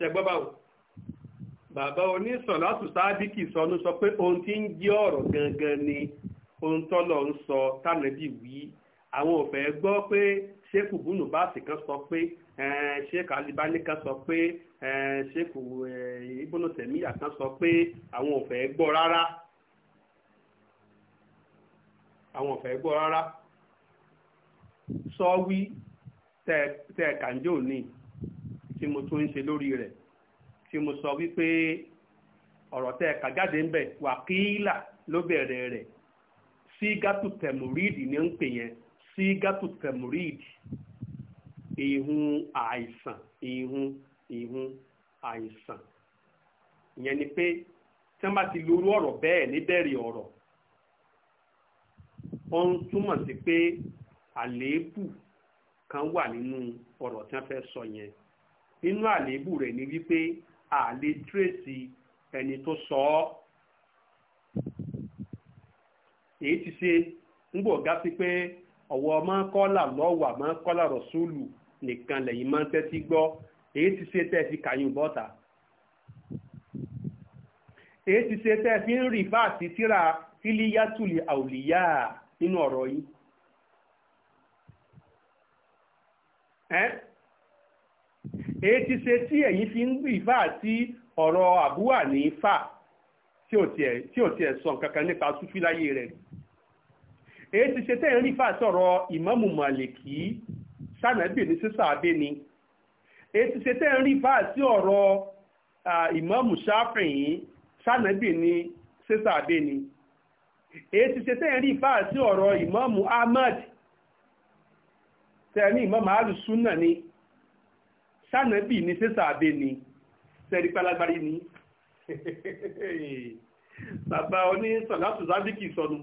ṣẹgbọ́ báwo bàbá onísọ̀látù sábìkì sọnù sọ pé ohun tí ń jẹ́ ọ̀rọ̀ gangan ni ohun tọ́lọ̀ ń sọ tánàbí wí àwọn ò fẹ́ gbọ́ pé ṣéèkù bùnú báàsì kan sọ pé ṣéèkù alibani kan sọ pé ṣéèkù ibùnú tẹ̀míyà kan sọ pé àwọn ò fẹ́ gbọ́ rárá àwọn ò fẹ́ gbọ́ rárá sọ wí tẹ̀ tẹ̀ kàǹjọ́ ní. So tí mo tún ń ṣe lórí rẹ̀ tí mo sọ wípé ọ̀rọ̀ tẹ́ ẹ̀ka jáde ń bẹ̀ wàkílà ló bẹ̀rẹ̀ rẹ̀ sí gátù tẹ̀mùríìdì ní ń pè yẹn sí gátù tẹ̀mùríìdì ìhun àìsàn ìhun àìsàn ìyẹn ni pé tí wọ́n bá ti ọ̀rọ̀ bẹ́ẹ̀ níbẹ̀rẹ̀ ọ̀rọ̀ ó ń túmọ̀ sí pé àléébù kan wà nínú nínú àléébù rẹ̀ ni wípé àlè tírèsì ẹni tó sọ ọ́ èyí ti ṣe ńgbò ga sí pé ọ̀wọ́ máa kọ́là lọ́wọ́ máa rọ̀ṣúlù nìkan lẹ́yìn máa ń tẹ́tí gbọ́ èyí ti ṣe tẹ́ fi kàyún bọ́ta èyí ti ṣe tẹ́ fi ń rì fáàsì síra fílíyàtùlì àwùlíyà nínú ọ̀rọ̀ yìí. èyí ti ṣe tí ẹ̀yin fi ń rìfà sí ọ̀rọ̀ àbúwà ní fà tí ò tiẹ̀ sọ kankan nípa súfí láyé rẹ̀ èyí ti ṣe tẹ́yìn rìfà sọ̀rọ̀ ìmámù màlìkì sànàbì ní sísà abé ni èyí ti ṣe tẹ́yìn rìfà sí ọ̀rọ̀ ìmámù ṣáfìyìn sànàbì ní sísà abé ni èyí ti ṣe tẹ́yìn rìfà sí ọ̀rọ̀ ìmámù ahmad tẹ́yìn ìmámù alùsùn náà ni sànàbì ni sẹ́sàbẹ ni sẹ́rípalágbárí ni bàbá oní sọ̀látù sábìkì sọnù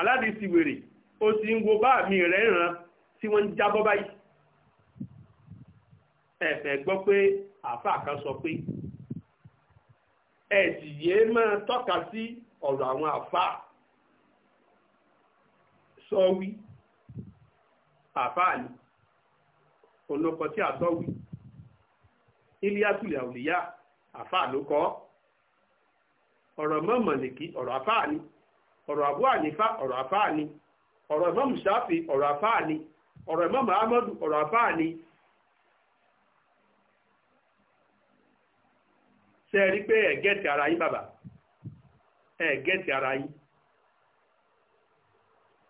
aládìsí wèrè ó ti ń wo báàmì rẹ̀ ràn tí wọ́n ń jábọ́ báyìí ẹ̀fẹ̀ gbọ́ pé àáfàá kan sọ pé ẹ̀sì yéé máa tọ́ka sí ọ̀rọ̀ àwọn àáfàá sọ wí àáfàá ni. olóko tí a tọ́wì iliasul awliya àfáà ló kọ́ ọ̀rọ̀ mọ́mọ̀lẹ́kì ọ̀rọ̀ àfáà ni ọ̀rọ̀ àbú ànífà ọ̀rọ̀ àfáà ni ọ̀rọ̀ ìmọ̀mù ṣáfì ọ̀rọ̀ àfáà ni ọ̀rọ̀ amadu ọ̀rọ̀ àfáà ni ṣe rí pé ara yín bàbá ara yín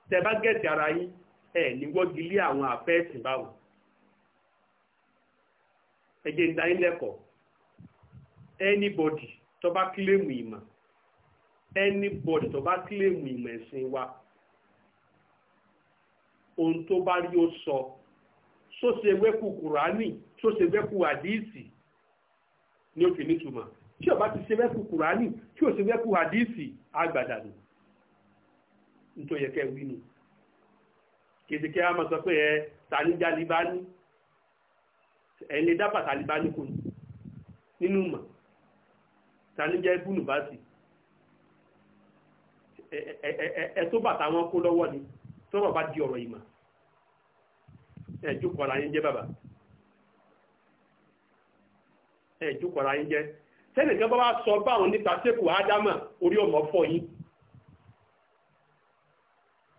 tẹ bá ara yín àwọn báwọn ẹjẹ́ ń anybody tó bá kílèmù ìmọ̀ anybody tó bá kílèmù ìmọ̀ ẹ̀sìn wa ohun tó bá rí ó sọ sóse wẹ́kù kùránì sóse wẹ́kù àdíìsì ni ó fi nítumọ̀ tí ó bá ti ṣe wẹ́kù kùránì tí ó ṣe wẹ́kù àdíìsì àgbàdànù nítorí ẹ̀kẹ́ wínú kìsìkẹ́ a sọ pé ẹ tàníjà ní bá ní ẹni dábàá tàlíbá ní kò nínú mọ̀ tanijẹ́ ibùnú bá sì ẹ tó bàtà wọn kó lọ́wọ́ ni tọ́rọ̀ bá di ọ̀rọ̀ ìmọ̀ ẹ jókòó ara yín jẹ́ bàbá ẹ jókòó ba? yín jẹ́ sẹ́nìkan bá wá sọ báwọn nípa sẹ́kù ádámà orí ọmọ fọ yín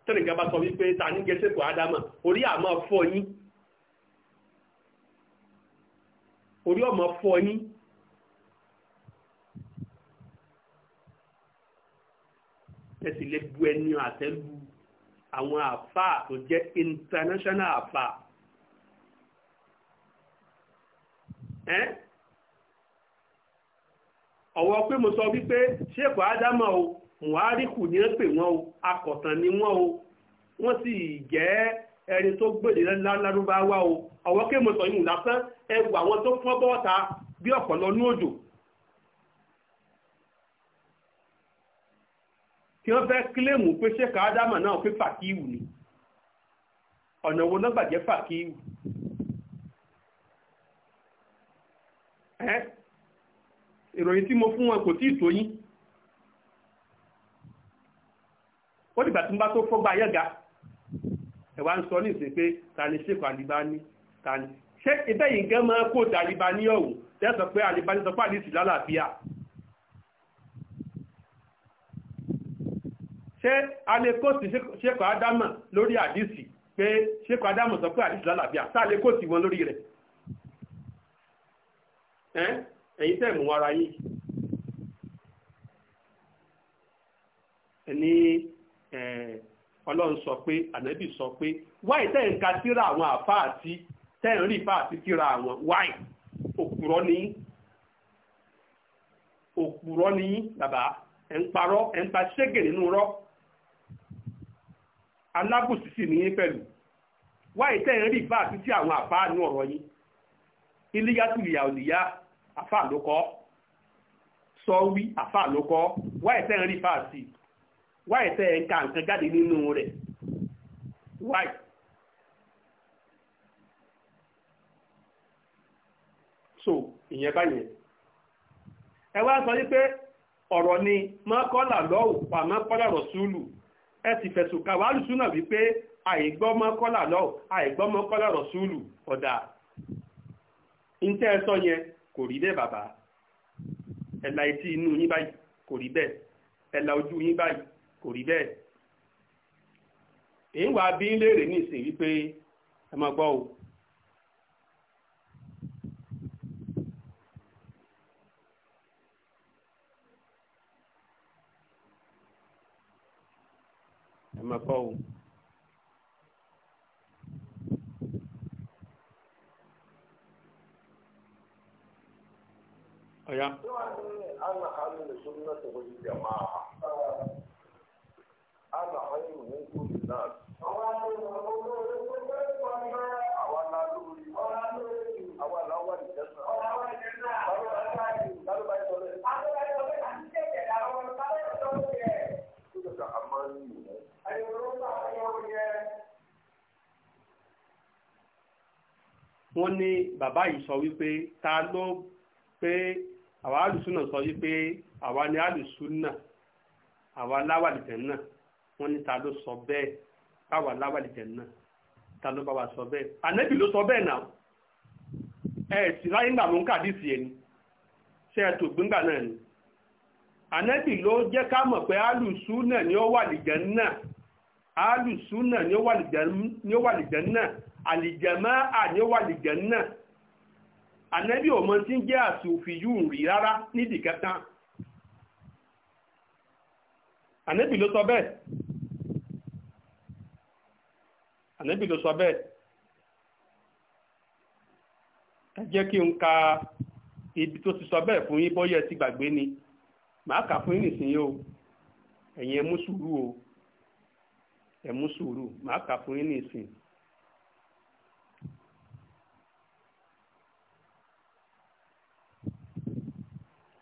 sẹ́nìkan bá sọ wípé tanijẹ́ sẹ́kù ádámà orí àmọ́ fọ yín. orí ọmọ fọ yín ẹ sì lè bu ẹni àtẹ́lu àwọn àfáà tó jẹ́ international àfáà ẹ́ ọ̀wọ́ pé mo sọ wípé ṣéèkù ádámà o muhariku ni wọ́n pè wọ́n o akọ̀tàn ni wọ́n o wọ́n sì jẹ́ ẹni tó gbèdè lárúbáwá o ọ̀wọ́ kí mo sọ yìí lásán ẹwù àwọn tó fọ́n bọ́ọ̀ta bí ọ̀pọ̀ lọ ní òjò kí wọ́n fẹ́ kílèmù pé ṣéka ádámà náà pé fàkíwù ni ọ̀nà wo náà gbàjẹ́ fàkíwù ìròyìn tí mo fún wọn kò tí ì ó dìgbà tí mo bá tó fọ́gbà ẹ wá ń sọ ní ìsìn pé ta ni ṣèkọ àlìbáni ta ni ṣé ibẹ̀ yìí gẹ́ máa kó àlìbáni ọ̀hún tẹ́sọ̀ pé àlìbáni sọ pé àdìsí lálàáfíà ṣé a lè kóòtù ṣèkọ ádámà lórí àdìsí pé ṣèkọ ádámà sọ pé àdìsí lálàáfíà tá a lè kóòtù wọn lórí rẹ̀ ẹ̀yin tẹ́ mú ara yìí ní ọlọ́run sọ pé ànábì sọ pé wáì tẹ́ ń ka síra àwọn àfáàtì tẹ́ ń rí fáàtì síra àwọn wáì òpùrọ́ ni òpùrọ́ ni bàbá ẹ̀ ń parọ́ ẹ̀ ń pa ṣẹ́gẹ̀ nínú rọ́ alábòsísì nìyí pẹ̀lú wáì tẹ́ ń rí yi sí àwọn àfáà ní ọ̀rọ̀ yín iléyàtúlìyà òlìyà àfáà ló kọ́ why tẹ́ ẹ̀ ń ka nǹkan jáde nínú rẹ̀ why. so ìyẹn báyẹn ẹ wá sọ wípé ọ̀rọ̀ ni mọ́kànlá lọ́wọ́ ma kọla rọ̀ súlù ẹ sì fẹ̀sùn kà wàá lùsùn náà wípé àìgbọ́ mọ́kànlá lọ́wọ́ àìgbọ́ mọ́kànlá rọ̀ súlù ọ̀dà ntẹ́ ẹ sọ yẹn kò rí bẹ́ẹ̀ bàbá ẹ̀là etí inú yín báyìí kò rí bẹ́ẹ̀ ẹ̀là ojú yín báyìí kò rí bẹ́ẹ̀ èyí wàá bí léèrè ní ìsìn wípé ẹ máa gbọ́ o ẹ wọ́n ní bàbá yìí sọ wípé ta ló pé àwa alùsùnà sọ wípé àwa ni alùsùnà àwa láwàlìjẹ náà wọ́n ní ta ló sọ bẹ́ẹ̀ báwa láwàlìjẹ náà ta ló bá wa sọ bẹ́ẹ̀ ànẹ́bì ló sọ bẹ́ẹ̀ náà ẹ̀ sì láyé ńgbà ló ń kàdísì ẹni ṣe ẹ̀ tó gbígbà náà ni ànẹ́bì ló jẹ́ ká mọ̀ pé alùsùnà ni ó wà lìjẹ náà alùsùnà ni ó wà lìjẹ náà àlìjẹ̀mọ́ àníwá náà ànẹ́bí ò tí ń jẹ́ àsòfin yìí rí rárá nídìí kẹta ló sọ bẹ́ẹ̀ ló sọ bẹ́ẹ̀ ẹ kí n ka ibi tó ti sọ bẹ́ẹ̀ fún yín ti gbàgbé ni màá kà fún yín nìsín o o sùúrù fún yín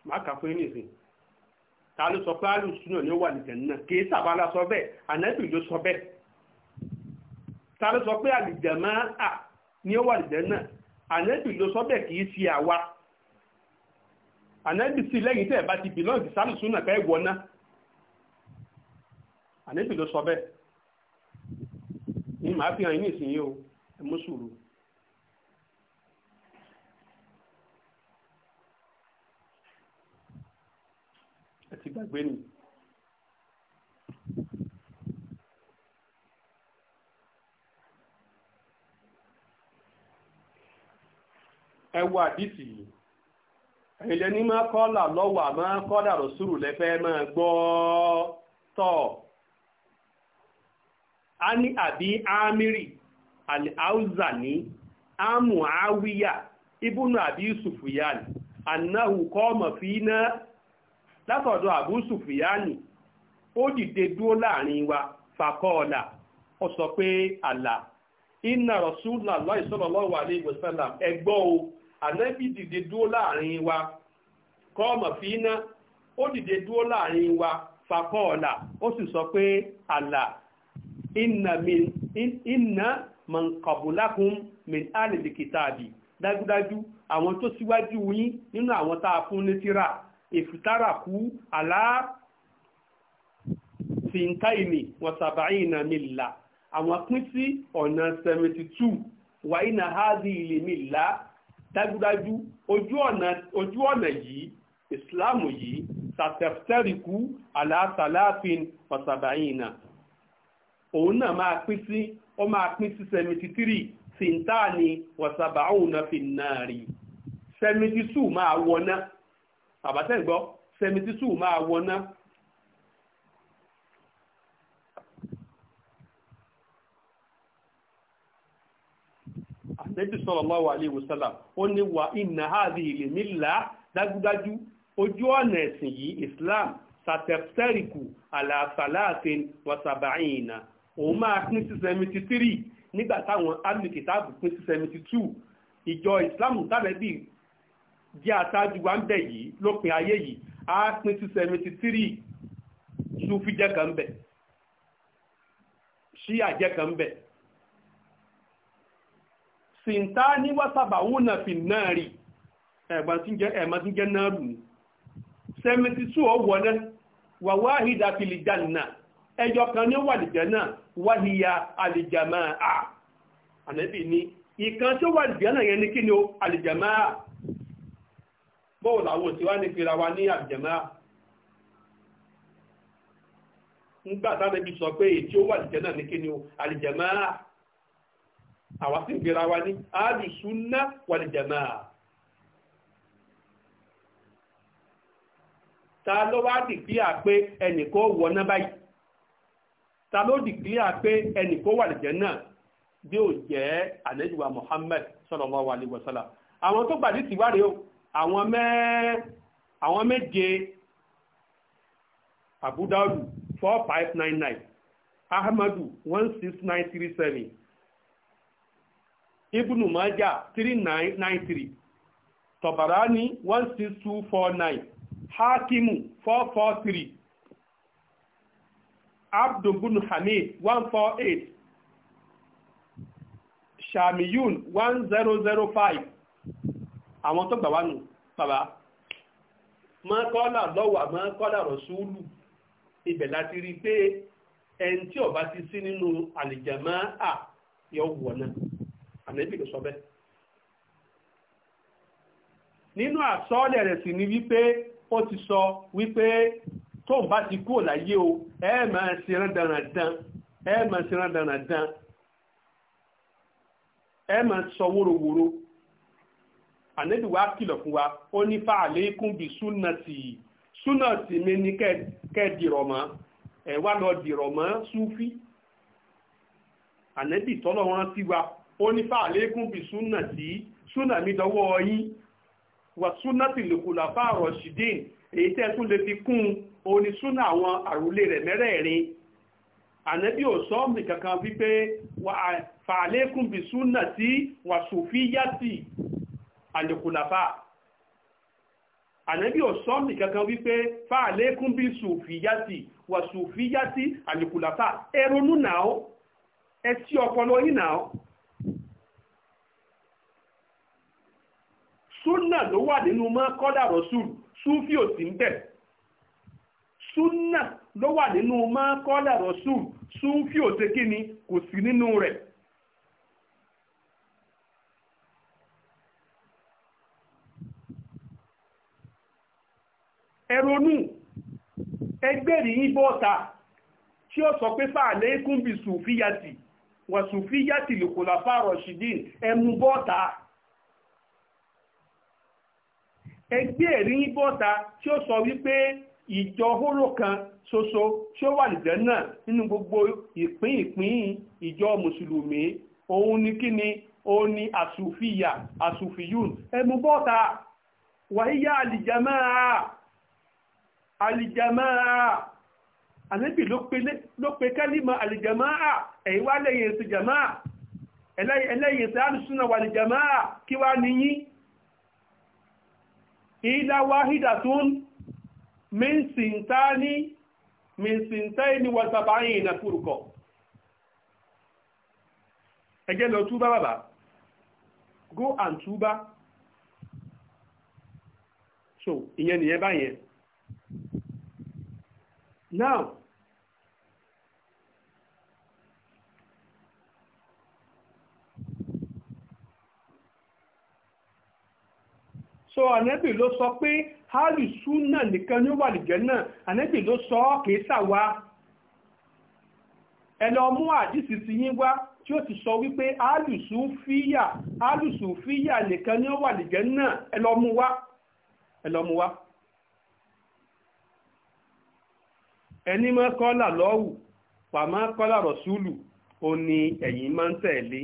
máa kà fún yín nìsín ta ló sọ pé alùsùnà ni ó wà nìjẹ̀ náà kì í sàbálà sọ bẹ́ẹ̀ ànábì ló sọ bẹ́ẹ̀ ta ló sọ pé àlìjẹ̀mọ́ à ni ó wà nìjẹ̀ náà ànábì ló sọ bẹ́ẹ̀ kì í ṣe àwa ànábì sí lẹ́yìn tẹ́ ẹ̀ bá ti bìlọ́ọ̀dì sálùsùnà fẹ́ wọ náà ànábì ló sọ bẹ́ẹ̀ ni màá fi hàn yín nìsín o ẹ mú sùúrù. gbàgbé ni. ẹ wo àdìsí yìí ẹ̀yẹ ní máa kọ́là lọ́wọ́ àmọ́ kọ́dà rọ̀sùrù lẹ́fẹ́ máa gbọ́ tọ̀ a ní àbí amiri al ní, amu awiya ibùnú àbí fi náà látọ̀dọ̀ Abu Sufiyani ó dìde dúró láàrin wa fàkọ́ọ̀là ó sọ pé àlà inna Rasulullah sallallahu alaihi wasallam ẹgbọ́ o ànábì dìde dúró láàrin wa kọ́ọ̀mọ̀ fínà ó dìde dúró láàrin wa fàkọ́ọ̀là ó sì sọ pé àlà inna min inna man dájúdájú àwọn tó síwájú ìfìtàràkú ala tìǹtàìní wasabaina mìlá àwọn pín sí ọ̀nà 72 wàyínà háàdì ilé mìlá dájúdájú ojú ọ̀nà yìí ìsìláàmù yìí sàtẹ̀fẹ́ríkú àlàásàláàfin wọ̀sàbáyìnà òun náà máa pín sí ó máa pín sí 73 tìǹtàìní wọ̀sàbáyìnà fi náà rí 72 máa wọná àbátẹ́gbọ́ seventy two máa wọná Ànábì sallallahu alayhi wa sallam ó ní wà inna hadhihi al-milla dájúdájú ojú ọ̀nà ẹ̀sìn yìí Islam satẹ̀tẹ̀ríkù ala salatin wa sab'ina òun máa pín sí seventy three nígbà táwọn alùkìtàbù pín sí seventy ìjọ Islam tàbí jẹ́ àtàjù wa ń bẹ̀ yìí lópin ayé yìí á pín sí seventy three sufi jẹ́ kan bẹ̀ ṣíà jẹ́ kan bẹ̀ sìntá ní wásàbà wọ́n náà fi náà rí ẹ̀gbọ́n tí ń jẹ́ ẹ̀mọ́ tí ń jẹ́ náà rù ní seventy two wà wáhídà fìlì jàǹnà ẹjọ́ kan ní wàlìjẹ́ náà wáhíyà àlìjàmáà ànábì ní ìkan tí ó wàlìjẹ́ náà yẹn ní kí ni ó àlìjàmáà bóò làwọn òsì wá ní fira wa ní àjẹmáà ńgbà táwọn ibi sọ pé èyí tí ó wà àlìjẹ náà ní kí ni o àlìjẹmáà àwa sì ń fira wa ní àlùsúnná wàlìjẹmáà. ta ló wá dìklíà pé ẹnìkó wọná báyìí ta ló dìklíà pé ẹnìkó wà lìjẹ́ náà bí ó jẹ́ àlejò wa Muhammad sallallahu alaihi wasallam àwọn tó gbàdí tìwárí o àwọn mẹ́ àwọn méje Abu four five nine nine Ahmadu one six nine three Ibnu three nine nine three Tabarani one six two four nine Hakimu four four three Abdul Hamid one four àwọn tó gbà wá nù bàbá máa kọ́là lọ́wọ́ àmọ́ kọ́là rọ̀ṣúlù ibẹ̀ láti rí i pé ẹni tí ọba ti sí nínú àlìjàmá à yọ wọ̀ náà ànábì ló sọ bẹ́ẹ̀. nínú àsọ́ọ̀lẹ̀ rẹ̀ sì ni wípé ó ti sọ wípé tóun bá ti kúrò láyé o ẹ máa ṣe rán dandan ẹ máa ṣe rán dandan ẹ máa sọ wóróworó ànábì wa kìlọ̀ fún wa ó ní fa àlékún bíi súnàtì súnàtì mi ní kẹ́ dìrọ̀ mọ́ ẹ wá lọ dìrọ̀ mọ́ súfí ànábì tọ́lọ̀ wọn sí wa ó ní fa àlékún bíi súnàtì súnàmì dọwọ́ yín wà súnàtì lòkùlà fáàrọ̀ ṣìdín èyí tẹ́ tún lè fi kún un ó ní súnà àwọn àrùlé rẹ̀ mẹ́rẹ̀ẹ̀rin ànábì ò sọ mí kankan wípé fàlékún bíi súnàtì wà sùfíyàtì àlèkùnàfà ànábì ọ̀sọ́mì kankan wípé fàálẹ́kùn bí sùfìyàtì wà sùfìyàtì àlèkùnàfà ẹrọnú náà ẹ tí ọpọlọ yín náà súnà ló wà nínú mọ́ kọ́dà rọ̀sùl súfì ò sí ń bẹ̀ súnà ló wà nínú mọ́ kọ́dà rọ̀sùl súfì ò sí kíni kò sí nínú rẹ̀ ẹ̀rọnú ẹgbẹ́rì ìbọ́ta tí ó sọ pé fàálẹ́ ikúnbì sùfíyàtì wà sùfíyàtì lòkòlà fàárọ̀ ṣìdín ẹmú bọ́ta ẹgbẹ́rì ìbọ́ta tí ó sọ wípé ìjọ hóró kan soso tí ó wà nìjẹ́ náà nínú gbogbo ìpín ìpín ìjọ mùsùlùmí òun ni kí ni òun ni àsùfíyà àsùfíyùn ẹmú bọ́ta wàhíyà alìjàmáà ànábì ló pe kálímà alìjàmáà ẹ̀yìn wá lẹ́yìn èsì jàmáà ẹlẹ́yìn èsì àdùsúnà wà alìjàmáà kí wá níyí ìlà wáhídà tún mínsìntáni mínsìntáni wà sàbáyìn ìnà fúrukọ ẹjẹ́ lọ túbá bàbá go and túbá so ìyẹn nìyẹn báyẹn now so ànẹ́bì ló sọ pé hálùsù náà nìkan ní wà lìjẹ́ náà ànẹ́bì ló sọ ọ́ kìí sàwá ẹ lọ mú àdìsí ti yín wá tí ó ti sọ wípé hálùsù fíyà hálùsù fíyà nìkan ní wà lìjẹ́ náà ẹ lọ wá ẹ lọ wá. ẹni máa kọ́là lọ́wù pàmò kọ́là rọ̀ṣúlù ó ní ẹ̀yìn máa ń tẹ̀lé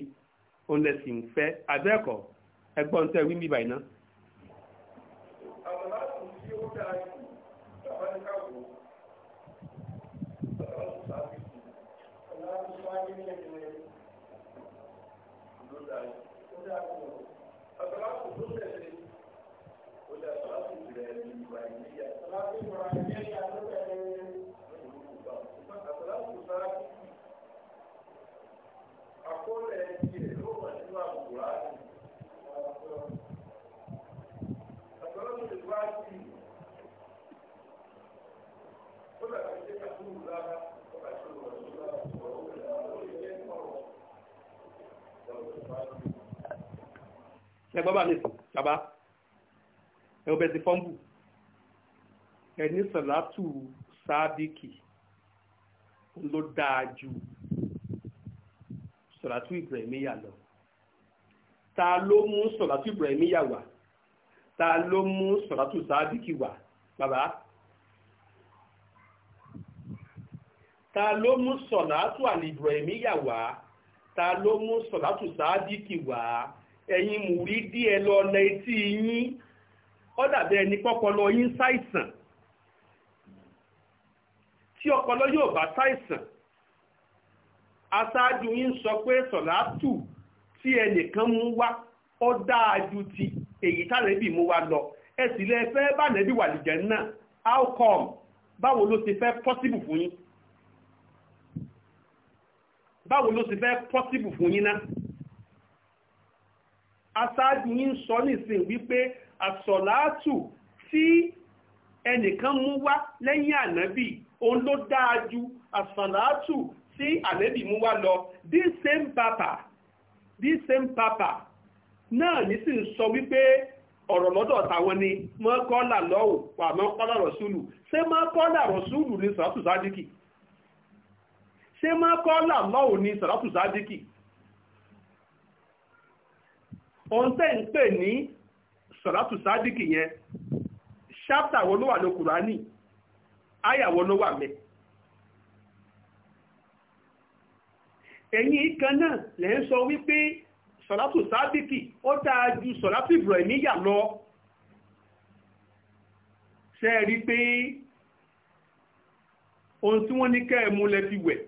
ó lẹ̀ sì ń fẹ́ abẹ́ẹ̀kọ́ ẹgbọ́n tẹ̀ wí mi báyìí náà. àwọn láti ṣe ó dáa ẹgbọ́n bá mi sùn bàbá ẹ ò bẹ ti fọ́nbù ẹ ní sàlátù sáàdìkì ló dáa ju sàlátù ìbùrẹ̀míyà lọ ta ló mú sàlátù ìbùrẹ̀míyà wá ta ló mú sàlátù sáàdìkì wá bàbá ta ló mú sàlátù àlìbùrẹ̀míyà wá ta ló mú sàlátù sáàdìkì wá ẹ̀yin mùrí díẹ̀ lọ ọ̀nà etí yín ó dàbí ẹni pọ́pọlọ yín ṣàìsàn tí ọpọlọ yóò bá ṣàìsàn aṣáájú yín sọ pé sọ̀látù tí ẹnìkan mú wá ó dáa ju ti èyí tálẹ́bì mú wá lọ ẹ sì lè fẹ́ bá nẹ́bí náà how come báwo ló ti fẹ́ possible fún yín báwo ló ti fẹ́ possible fún yín náà aṣáájú yín sọ nìsín wípé àsọ̀láàtù tí ẹnìkan mú wá lẹ́yìn ànábì òun ló dáa ju àsọ̀láàtù tí ànábì mú wá lọ this same papa this same papa náà nísìn sọ wípé ọ̀rọ̀ lọ́dọ̀ táwọn ni mọ́kọ́là lọ́wọ́ wà mọ́kọ́là rọ̀ṣúlù ṣé mọ́kọ́là rọ̀ṣúlù ni sọ̀rọ̀tù sádìkì ṣé mọ́kọ́là lọ́wọ́ ni sọ̀rọ̀tù sádìkì ohun tẹ́ ń pè ní sọ̀látù sádìkì yẹn ṣáptà wo ló wà ló kùránì àyà wo ló wà mẹ́. ẹ̀yin kan náà lè ń sọ wípé sọ̀látù sádìkì ó dáa ju sọ̀látù ìbùrọ̀níyà lọ ṣe é rí pé ohun tí wọ́n ní kẹ́ ẹ̀ mú lẹ fi wẹ̀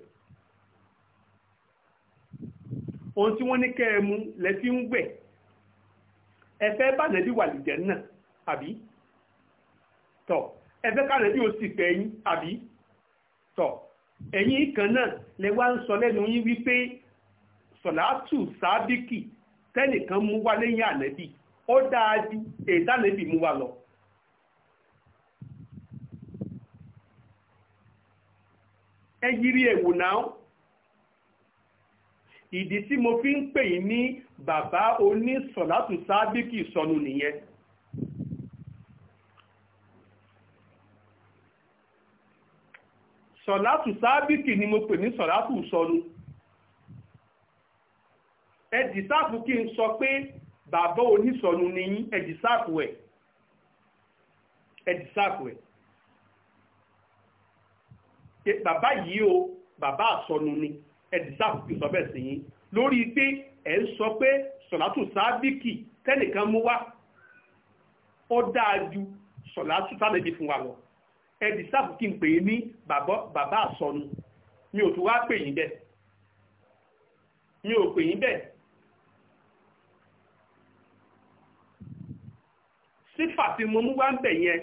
ohun tí wọ́n ní kẹ́ ẹ̀ mú lẹ fi ń wẹ̀. ẹ fẹ́ bá wà lìjẹ́ náà àbí tọ ẹ ká nẹ́bí ó sì fẹ́ yín àbí tọ̀ ẹ̀yin kan náà lẹ wá ń sọ lẹ́nu yín wípé sọ̀látù sábíkì tẹ́nìkan mú wá lẹ́yìn ànẹ́bí ó ìdí tí mo fi ń pè yín ní bàbá onísọ̀látù sábíkì sọnù nìyẹn sọ̀látù sábíkì ni mo pè ní sọ̀látù sọnù ẹ̀dì sáàfù kí n sọ pé bàbá onísọnù ni ẹ̀dì sáàfù ẹ̀ ẹ̀dì ẹ̀ bàbá yìí o bàbá àsọnù ni ẹ̀dìsáàpù kì sọ bẹ́ẹ̀ sí yín lórí pé ẹ̀ ń sọ pé sọ̀látù sábìkì tẹ́nìkan mú wá ó dáa sọ̀látù sábìkì fún wa lọ ẹ̀dìsáàpù kì ń pè é ní bàbá àsọnu mi ò tún wá pè yín bẹ́ẹ̀ mi ò pè yín bẹ́ẹ̀ sífà tí mo mú wá ń bẹ̀ yẹn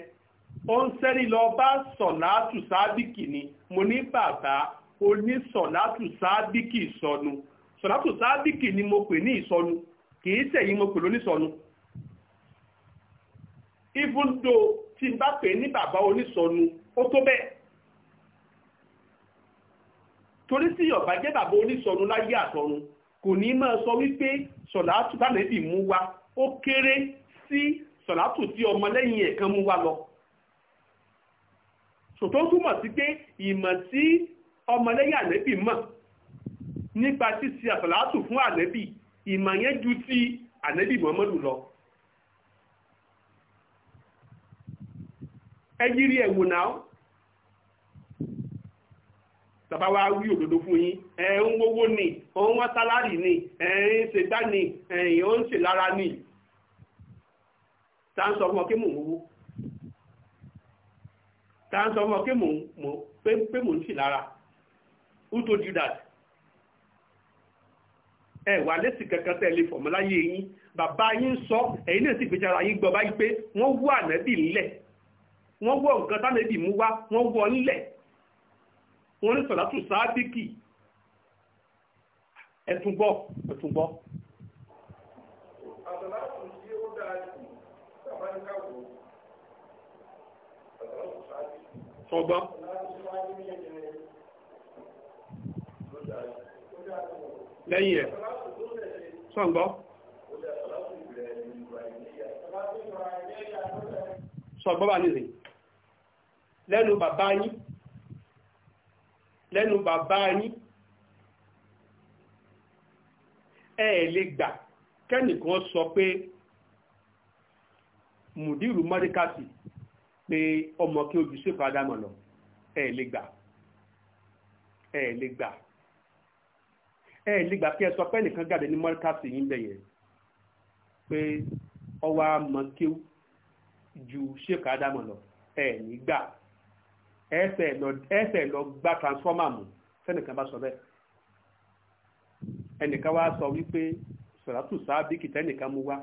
ó ń sẹ́rí lọ bá sọ̀látù sábìkì ni mo ní bàbá onísọ̀látù sábíkì ìsọnu sọ̀látù sábíkì ni mo pè ní ìsọnu í sẹ̀yìn mo pè lónísọnu even though tí n bá pè ní bàbá onísọnu ó tó bẹ́ẹ̀ torí tí ọ̀bá jẹ́ bàbá onísọnu láyé àtọ̀run kò ní máa sọ wípé sọ̀látù tánẹ́bì mú wa ó kéré sí sọ̀látù tí ọmọlẹ́yìn ẹ̀kan mú wa lọ sòtó túmọ̀ sí pé ìmọ̀ tí ọmọlẹ́yìn ànẹ́bì mọ̀ nípa títí àsàlátù fún ànẹ́bì ìmọ̀ yẹn ju ti ànẹ́bì Muhammadu lọ ẹjírí ẹ̀wò náà tàbá wá wí òdodo fún yín ẹ ń ni ọ ń ni ẹ ń ṣe gbá ni ẹ ń ṣe lára ni tá ń sọ fún ọ kí mò ń wówó pé mò ń ṣe lára who told you that ẹ wà lẹ́sìn kankan tẹ̀lé fọ̀mọ́láyé yín bàbá yín sọ ẹ̀yin náà sì gbèjà ara yín gbọ́ báyìí pé wọ́n wú ànábì ńlẹ̀ wọ́n wọ nǹkan tánàbì mú wá wọ́n wọ ńlẹ̀ wọ́n ní sọ̀dátù sáàdìkì ẹ̀túngbọ́ ẹ̀túngbọ́. àtàlátù tí ó dáa jù bàbá ní káwọ́ àtàlátù sáàdìkì. sọgbọ́n. lẹ́yìn ẹ̀ sọ́ǹgbọ́ sọ́ǹgbọ́ bá nìrìn lẹ́nu bàbá yín lẹ́nu bàbá yín ẹ lè gbà kẹ́nìkan sọ pé mùdírù mọ́ríkàtì pé ọmọ kí ojú sí padà mọ̀ lọ ẹ lè gbà ẹ lè gbà ẹ nígbà kí ẹ sọ pé nìkan jáde ní mọ́ríkàsì yín bẹ̀ yẹn pé ọwọ́ amọ̀kéw ju sheik adamu lọ ẹ nígbà ẹsẹ̀ lọ gba transformer mu sẹ́nìkan bá sọ bẹ́ẹ̀ ẹnìkan wá sọ wípé sọ̀ràtù sábìkì tẹ́nìkan mú wá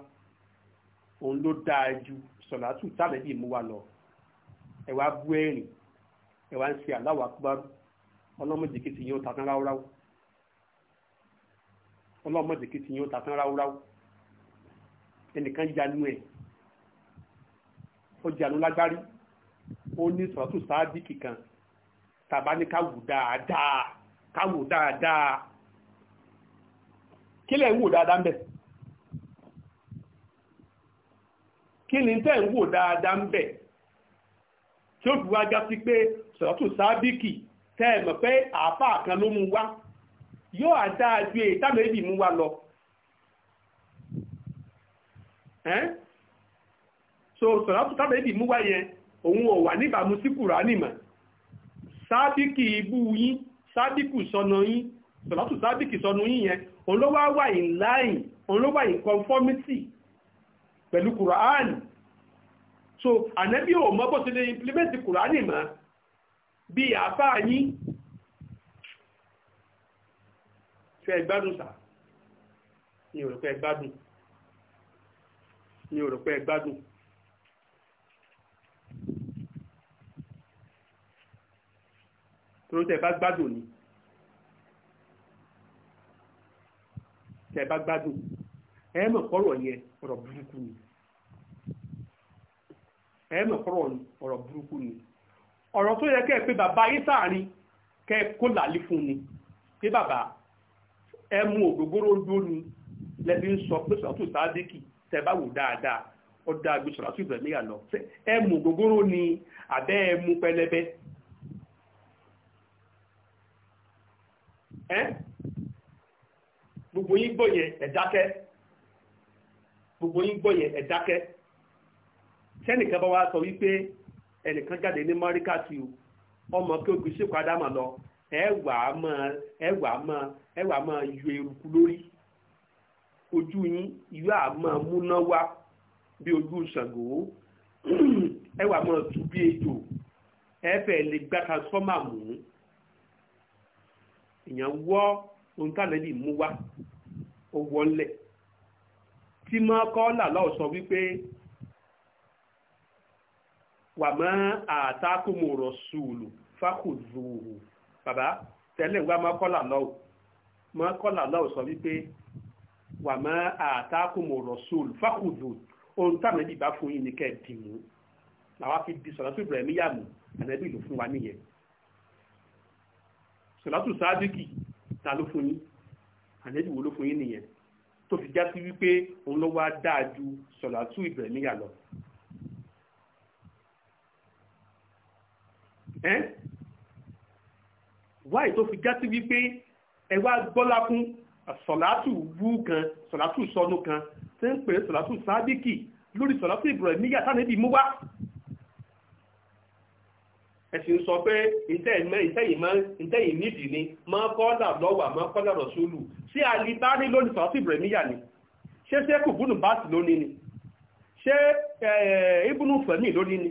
òun ló dáa ju sọ̀ràtù tàbí mú wá lọ ẹ wá bú ẹ̀rìn ẹ wá ń ṣe aláwọ̀ akúbárú ọlọ́mọdé kìí ti ráúráú ọlọ́mọdé kí ti yín ó ta tán ráúráú ẹnìkan yanu ẹ̀ ó janu lágbárí ó ní sọ̀tù sáábì kìkan tàbá ní káwù dáadáa káwù dáadáa kí lẹ̀ ń wò dáadáa ń bẹ̀ kí ni tẹ́ ń wò dáadáa ń bẹ̀ tí ó fi wá já sí pé sọ̀tù sáábì kì tẹ́ ẹ̀ mọ̀ pé àáfàá kan ló mú wá yóò àdá ju èyí mú wa lọ so sọ̀rọ̀ táwọn èbì mú wa yẹn òun ò wà níbàámu sí kùránì mọ̀ sábìkì ibú yín sábìkù sọnà yín sọ̀rọ̀tù sábìkì sọnù yín yẹn òun ló wá wà in line òun ló wà pẹ̀lú kùránì so ànẹ́bí ò mọ́ bó ṣe lè implement kùránì bí àfáà yín ṣe ìgbádùn sà mi ò rò pé ìgbádùn mi ò rò pé ìgbádùn. torí tẹ́ bá gbádùn ni tẹ́ bá gbádùn ẹ mọ̀ kọ́rọ̀ yẹn ọ̀rọ̀ burúkú ni ẹ mọ̀ kọ́rọ̀ ọ̀rọ̀ burúkú ni ọ̀rọ̀ tó yẹ kẹ́ ẹ pé bàbá yín sáàrin kẹ́ ẹ kó làálí fún ni pé bàbá ẹmu ògógóró lónìí lẹ́bí ń sọ pé sọ́tù sáàdìkì tẹ́ dáadáa ó dáa gbé sọ́tù ìbẹ̀míyà lọ ẹmu ògógóró ni ẹmu pẹlẹbẹ gbogbo yín gbọ́ yẹn gbogbo yín gbọ́ yẹn sẹ́nìkan bá sọ wípé ẹnìkan jáde ní mọ́ríkà tí o ọmọ kí o gbèsè padà mà lọ ẹwà máa ẹwà máa ẹwà máa yọ eruku lórí ojú yín ìyá máa múná wá bí ojú Ṣàngó ẹwà máa tú bí ejò ẹfẹ lè gbá transformer mú èèyàn wọ ohun tá lẹ́bi mú wá ó wọlẹ̀ tí máa kọ́ làlọ́ sọ wípé wàmọ́ àtàkùnmọ̀rọ̀ sùúlù fákòzòòrò bàbá tẹ́lẹ̀ wá mọ́kọ́là lọ́wọ́ mọ́kọ́là lọ́wọ́ sọ wípé wà mọ́ àtàkùnmọ̀ rọ̀ṣùl fákùdù ohun táwọn ẹbí bá fún yín ni kẹ́ ẹ̀ dì mú làwa fi di sọ̀rọ̀tù ìbẹ̀rẹ̀ mi yàmù ànábì ló fún wa nìyẹn sọ̀rọ̀tù sáàdìkì ta ló fún yín ànábì wo ló fún yín nìyẹn tó fi já sí wípé òun ló wá dáa ju sọ̀rọ̀tù ìbẹ̀rẹ̀ yà lọ wáyé tó fi já sí wípé ẹ wá gbọ́lá fún sọ̀látù wú kan sọ̀látù sọnù kan tí ń pè é sọ̀látù sábìkì lórí sọ̀látù ìbùrọ̀ níyà sánẹ́bì mú wá ẹ̀sìn sọ pé ìtẹ́yìn nídìí ni máa kọ́lá lọ́wà máa kọ́lá rọ̀ṣúlù ṣé alibárí lónìí sọ̀rọ̀ sí ìbìrẹ̀míyà ni ṣé ṣé kùbùnù báàsì lónìí ni ṣé ìbùnù fẹ̀mí lónìí ni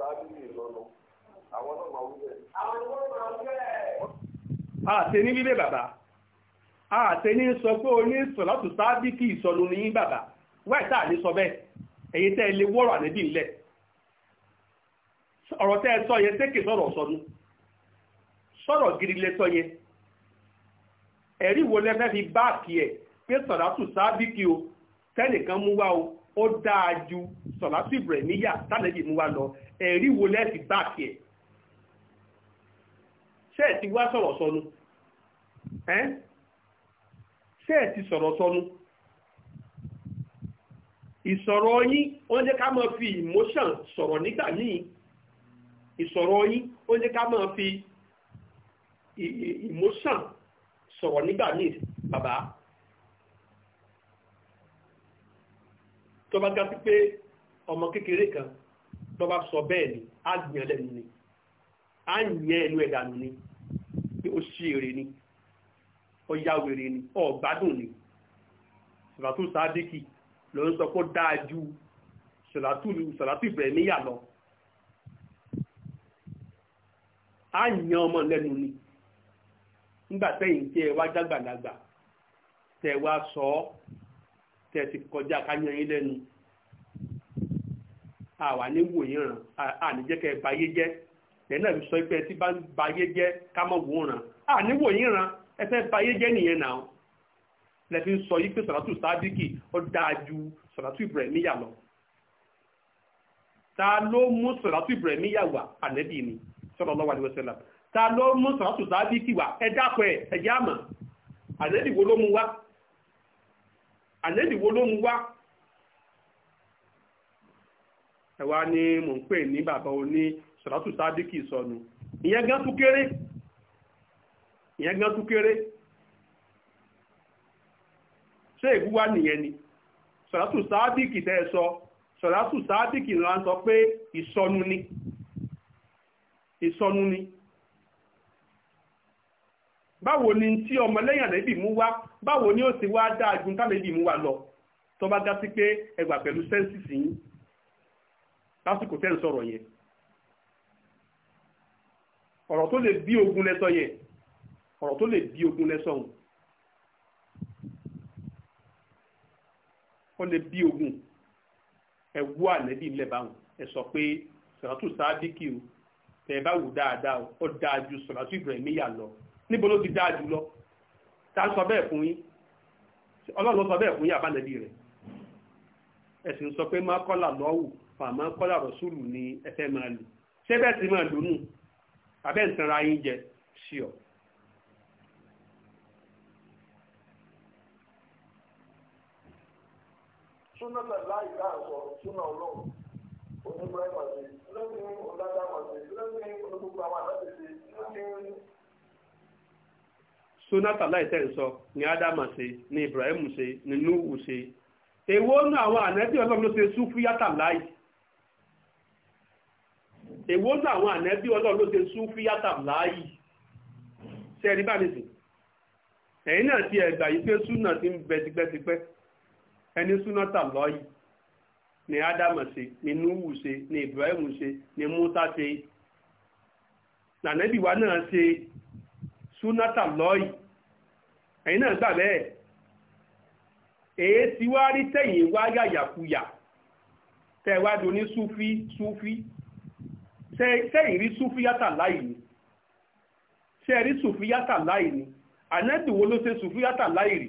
sáájú ní àwọn náà máa ni bàbá sọ pé o ní sọ láti sáábì kí ìsọnu ní bàbá wẹ́ẹ̀ ní sọ bẹ́ẹ̀ ẹ̀yin tẹ́ ẹ wọ́rọ̀ ọ̀rọ̀ tẹ́ sọ yẹn sékè sọ̀rọ̀ sọnu sọ̀rọ̀ gidi ẹ̀rí wo lẹ fẹ́ fi báàkì ẹ̀ pé sọ̀rọ̀ àtúnṣáábì kí o tẹ́nìkan mú wá o ó dáa ju sọ̀látù ìbùrẹ̀míyà tálẹ́bì mú wa lọ ẹ̀rí wo lẹ́ẹ̀sì báàkì ẹ̀ ṣé ẹ̀ ti wá sọ̀rọ̀ sọnù ẹ́ ṣé ẹ̀ ti sọ̀rọ̀ sọnù ìsọ̀rọ̀ yín ó ń jẹ́ ká máa fi emotion sọ̀rọ̀ nígbà míì ìsọ̀rọ̀ yín ó ká máa fi emotion sọ̀rọ̀ nígbà míì bàbá. tó bá gá sí pé ọmọ kékeré kan tó bá sọ bẹ́ẹ̀ ni á gbìyàn lẹ́nu ni á yẹn ẹnu ẹ̀dà nù ni pé ó ṣí èrè ni ó yá wèrè ni ó gbádùn ni sàlátù sádìkì ló ń sọ pé ó dáa ju sàlátù ìbẹ̀rẹ̀ níyà lọ á yẹn ọmọ lẹ́nu ni nígbà tẹ́yìn tí ẹ wá jágbàlagbà tẹ́ wá sọ ọ́ tẹ́ ti kọjá káyán yín lẹ́nu àwa ní wòyàn àníjẹ́kẹ́ báyé jẹ́ lẹ́yìn náà sọ pé tí báyé jẹ́ ká wòran àníwòyàn ẹ fẹ́ báyé jẹ́ nìyẹn náà lẹ́fi sọ yí pé sọ̀rọ̀tù ó dáa ju sọ̀rọ̀tù lọ ta ló mú sọ̀rọ̀tù wà ta ló mú sọ̀rọ̀tù wà ẹ dákọ̀ ẹ̀ wo ló mú wá àlébì wo ló mú wá ẹ wá ní mò ń pè ní bàbá oní sọ̀rọ̀tù sádìkì sọnù ìyẹn gan tún kéré ìyẹn gan tún kéré ṣé ìwúwá nìyẹn ni sọ̀rọ̀tù sádìkì tẹ́ ẹ sọ sọ̀rọ̀tù sádìkì ńlá ń sọ pé ìsọnù ni ìsọnù ni báwo ni tí ọmọlẹ́yìn àlẹ́bì mú wá báwo ni ó sì wá dáa ju tálẹ́bì mú wá lọ tó bá dá sí pé ẹgbà pẹ̀lú sẹ́ńsìsì yín lásìkò tẹ́ ń sọ̀rọ̀ yẹn ọ̀rọ̀ tó lè bí ogun lẹ́sọ yẹn ọ̀rọ̀ tó lè bí ogun lẹ́sọ hùn ó lè bí ogun ẹ wú àlẹ́bí ńlẹ̀ báwọn ẹ sọ pé sọ̀rọ̀ tó sáà díkì o tẹ̀ bá wù dáadáa ó dáa ju sọ̀rọ̀ tó Ibrahim níbo ló ti dáa jùlọ ta sọ bẹ́ẹ̀ fún yín ọlọ́run sọ bẹ́ẹ̀ fún yín àbánẹ́bí rẹ̀ ẹ̀sìn sọ pé má kọ́là lọ́wù fàmọ́ kọ́là rọ̀ṣùlù ni ẹ fẹ́ máa lò ṣé bẹ́ẹ̀ sì máa lónù abẹ́ ìsanra yín jẹ sí ọ. súnà tàbí àìsàn àṣọ súnà ọlọ́run onígbà ìmọ̀ sí lẹ́yìn ọ̀dájà ìmọ̀ sí lẹ́yìn olùkọ́ àwọn àdáṣe sí lẹ́yìn sunata láìsẹ̀ ń sọ ní ádámà ṣe ní ibrahim ṣe ní nuhu ṣe èwo nù àwọn ànẹ́bí ọlọ́run ló ṣe súfíyàtà láì èwo nù àwọn ànẹ́bí ọlọ́run ló ṣe súfíyàtà láì ṣe ẹni bá nìsín ẹ̀yin náà ti ẹ̀gbà yìí pé súnà ti ń bẹ tipẹ́tipẹ́ ẹni súnátà lọ́yìí ni ádámà ṣe ni nuhu ṣe ni ibrahim ṣe ni musa ṣe lànẹ́bí wa náà ṣe. súnátà lọ́yìn ẹ̀yìn náà gbà bẹ́ẹ̀ èyí tí wá rí tẹ̀yìn wá yàyàkuyà tẹ́ ní súfí súfí tẹ́yìn rí súfí yàtà láì ni ṣe rí súfí yàtà láì ni ànẹ́bìwó ló ṣe súfí yàtà láì rí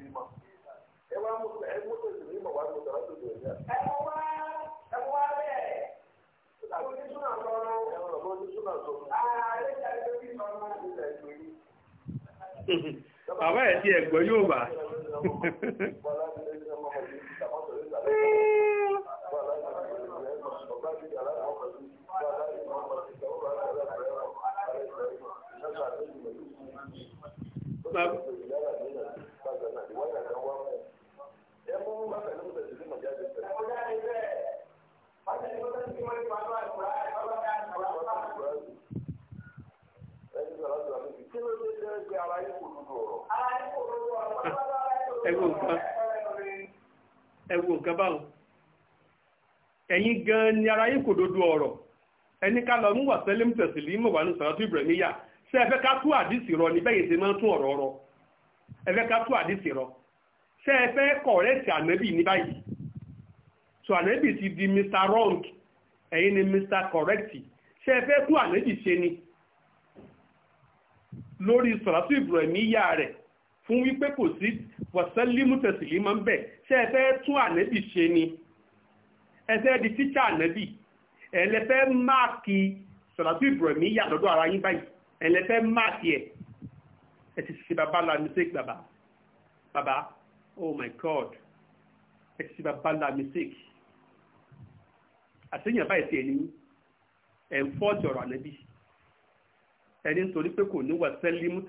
wá mú ẹ mú tó ìlú ìmọ̀ wá tó ìlú ìmọ̀ tó ìlú ìyá. ẹ mú wá ẹ mú wá bẹ́ẹ̀. àwọn oníṣúná sọ̀rọ̀. ẹ rọ̀ bọ́ oníṣúná sọ̀rọ̀. ààrẹ ti bí sọ̀rọ̀ máa ń ṣe ẹ̀ Bàbá ẹ̀ tí ẹ̀ yóò bá. [LAUGHS] Bàbá ẹwọ nǹkan báwọn ẹ̀yin gan ni ara yín kò dodo ọ̀rọ̀ ẹni ká lọ mú wà sẹ́lẹ̀ mú tẹ̀sí lè mọ̀ wà ní sàrátù Ìbráhímíyà ṣé ẹ fẹ́ ká tú àdìsí rọ níbẹ̀ yìí ṣe máa ń tún ọ̀rọ̀ rọ ẹ fẹ́ ká tú àdìsí rọ ṣé ẹ fẹ́ ní báyìí ti di Mr Wrong ẹ̀yin ni Mr Correct ṣé ẹ fẹ́ tú ànábì ṣe ni lórí sàrátù Ìbráhímíyà rẹ̀ fún wípé kò sí wàsálímù tẹ̀sílímọ̀ ń bẹ̀ ṣé ẹ fẹ́ tún ànẹ́bì ṣe ni ẹ fẹ́ di tíṣà ànẹ́bì ẹ lẹ fẹ́ máàkì sọ̀làtú ìbùrọ̀mí yà lọ́dọ̀ ara yín báyìí ẹ lẹ fẹ́ máàkì ẹ̀ ẹ ti ṣe bàbá la mistake bàbá bàbá oh my god ẹ ti ṣe bàbá la mistake àṣeyàn báyìí ti ẹni ẹ̀ ń fọ́ ọ̀rọ̀ ànẹ́bì ẹni nítorí pé kò ní wàsálímù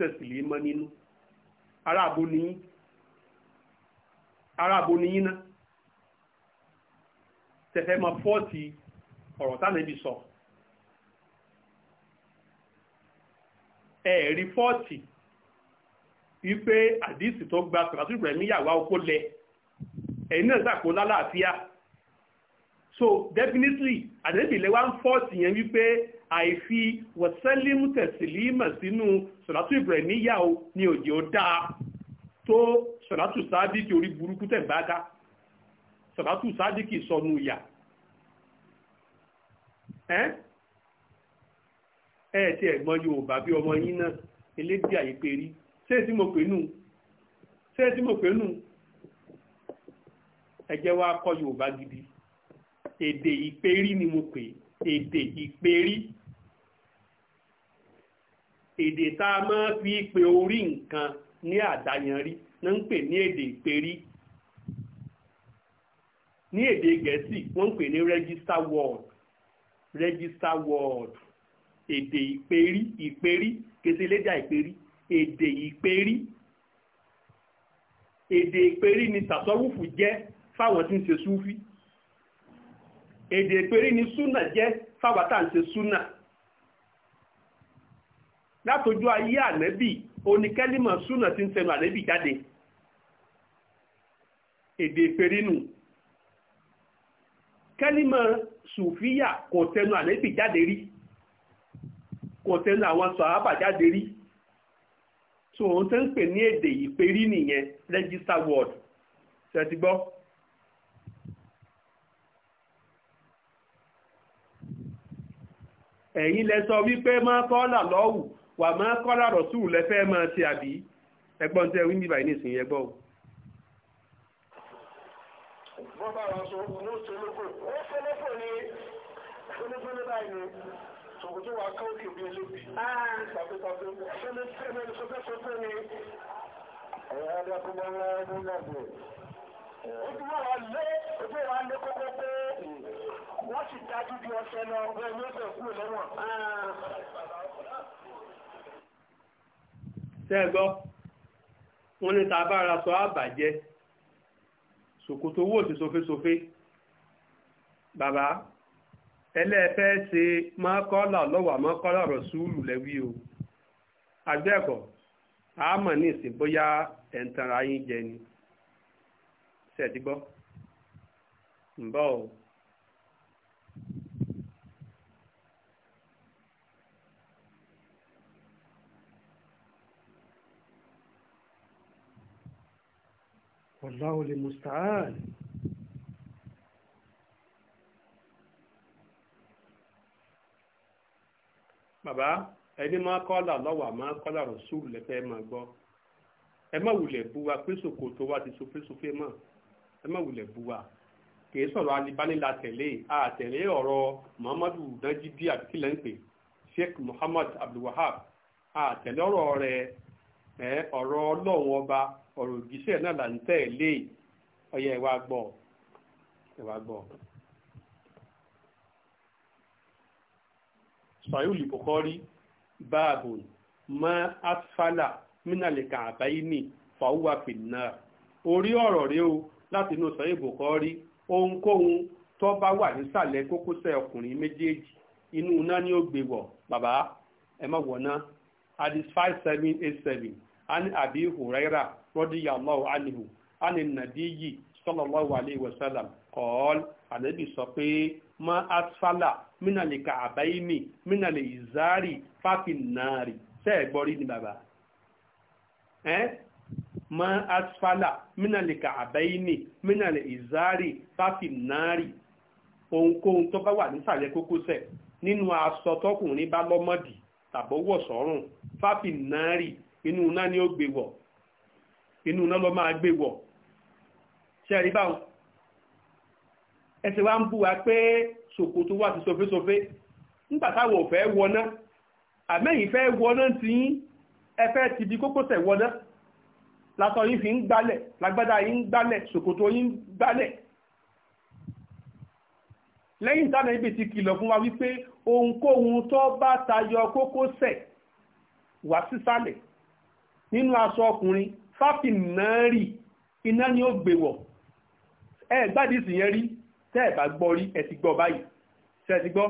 aráàbò ní yín náà tẹ̀fẹ́ máa fọ́ọ̀tì ọ̀rọ̀ tánàbí sọ ẹ̀ẹ̀rí fọ́ọ̀tì wípé àdísì tó gba sọ̀rọ̀sí rẹ̀ níyàwó okó lẹ ẹ̀yìn náà sàkó lálàáfíà so definitely àdébì lẹ́wà ń fọ́ọ̀tì yẹn wípé àìfi wọ̀sẹ́límù tẹ̀sílímù sínú sọ̀rọ̀sí rẹ̀ níyàwó ni òjò dáa tó sọ̀látù sádìkì orí burúkú tẹ̀gbága sọ̀látù sádìkì sọnù ìyà ẹ́ ẹ̀ tí ẹ̀gbọ́n Yorùbá bí ọmọ yín náà elédìí àyípe rí ṣé tí mo pè nù ṣé tí mo pè nù ẹ jẹ́ wá kọ́ Yorùbá gidi èdè ìpérí ni mo pè èdè ìpérí èdè tá a máa fi pe orí nǹkan ní àdáyanrí ní ń pè ní èdè ìperí ní èdè gẹ̀ẹ́sì wọ́n ń pè ní register word register word èdè ìperí ìperí kèsì lédà ìperí èdè ìperí èdè ìperí ni tàṣọ́wùfù jẹ́ fáwọn tí ń ṣe súfí èdè ìperí ni súnà jẹ́ fáwọn tá à ń ṣe súnà látọjú ayé ànẹ́bì oníkẹ́límọ̀ súnà ti ń tẹnu ànẹ́bì jáde èdè perinu kẹ́límọ̀ sùfíyà kò tẹnu ànẹ́bì jáde rí kò tẹnu àwọn sọ̀hábà jáde rí so òun tẹ́ ń pè ní èdè ìperí nìyẹn register word ṣẹ́ti gbọ́ ẹ̀yin lẹ sọ wípé máa kọ́ là lọ́wù wà má kọ́lá rọ̀sù lẹ́fẹ́ máa ṣe àbí ẹgbọ́n tẹ́ wí bíbá ìní ìsìn ẹgbọ́. wọ́n bá wọn sọ owó tolóko owó tolóko ni fúnifúni báyìí ni tòkòtò wa káwókè bíi elébi. Ah. tàbítàbí fúnifúni sọfẹ́sọfẹ́ ni ẹ̀yà adákùnmọ́ ńlá ẹ̀dùn náà bẹ̀. ó ti wà lé ojú wa lé kókó pé wọ́n sì dájú bí ọṣẹ tẹ́gbọ́ wọ́n ní ta bára sọ àbàjẹ́ ṣòkòtò owó òsì sofésofe bàbá ẹlẹ́ẹ̀fẹ́ ṣe mọ́kọ́lá lọ́wọ́ mọ́kọ́lá rọ̀ súùlù lẹ́wí o àgbẹ̀kọ̀ àmọ̀ ní ìsìn bóyá ẹ̀ǹtara yín jẹ ni ṣẹ̀dígbọ́ ń bọ́ o. والله المستعان. musta'an. bàbá ẹni máa kọ́là lọ́wọ́ àmọ́ kọ́là rọ̀ṣùlù lẹ́fẹ́ máa gbọ́ ẹ má wulẹ̀ bu wa pé sòkòtò wa ti sofe sofe mọ́ ẹ má wulẹ̀ bu wa kìí sọ̀rọ̀ alibanila tẹ̀lé àtẹ̀lé ọ̀rọ̀ muhammadu najidi akilẹ́ǹpẹ̀ sheikh muhammad abdulwahab àtẹ̀lé ọ̀rọ̀ rẹ̀ ọ̀rọ̀ ọlọ́run ọba ọ̀rọ̀ òjíṣẹ́ náà là ń tẹ̀lé ọyẹ ẹ wá gbọ́ ẹ wá gbọ́. sọ̀yún lìbùkọ́rí báàbò mọ́ asfala mínàlẹ̀ kàbáyé ní fàwùwà fìnnà orí ọ̀rọ̀ rí o láti inú sọ̀yún lìbùkọ́rí ohunkóhun tó bá wà nísàlẹ̀ kókósẹ̀ ọkùnrin méjèèjì inú iná ni ó gbé wọ̀ bàbá ẹ má wọ̀ ná hadith five seven eight seven ani abi huraira radiyallahu anhu ani nàbíyì sallallahu alayhi wa sallam kọ́ọ́l ànábì sọ pé ma asfala mínàlè kàbáyìmì mínàlè ìzárì fáfin nari se gbọ́rí ni bàbá ma asfala mínàlè kàbáyìmì mínàlè ìzárì fáfin nàárì ohunkóhun tó bá wà nísàlẹ̀ kókósẹ̀ nínú aṣọ ba bá lọ́mọdì tàbọ̀wọ̀ sọ́rùn fáfin nari inu na ni ogbe gbé inú iná lọ máa gbé wọ̀ ṣe báwọn ẹsẹ̀ wa ń bú wa pé ṣòkòtò wà ti sọfẹ́sọfẹ́ nígbà táwọn ò fẹ́ wọná àmẹ́yìn fẹ́ wọná ti yín ẹ fẹ́ ti di kókósẹ̀ wọná látọ yín fi ń gbálẹ̀ lágbádá yín ń gbálẹ̀ ṣòkòtò yín gbálẹ̀ lẹ́yìn táwọn ibi ti kìlọ̀ fún wa wípé ohunkóhun tó bá tayọ kókósẹ̀ wá sísàlẹ̀ nínú aṣọ ọkùnrin fáfì náà rì iná ni ó gbé wọ̀ ẹ gbádìsì yẹn rí tẹ́ ẹ̀ bá gbọ́ rí ẹ ti gbọ́ báyìí ṣe ti gbọ́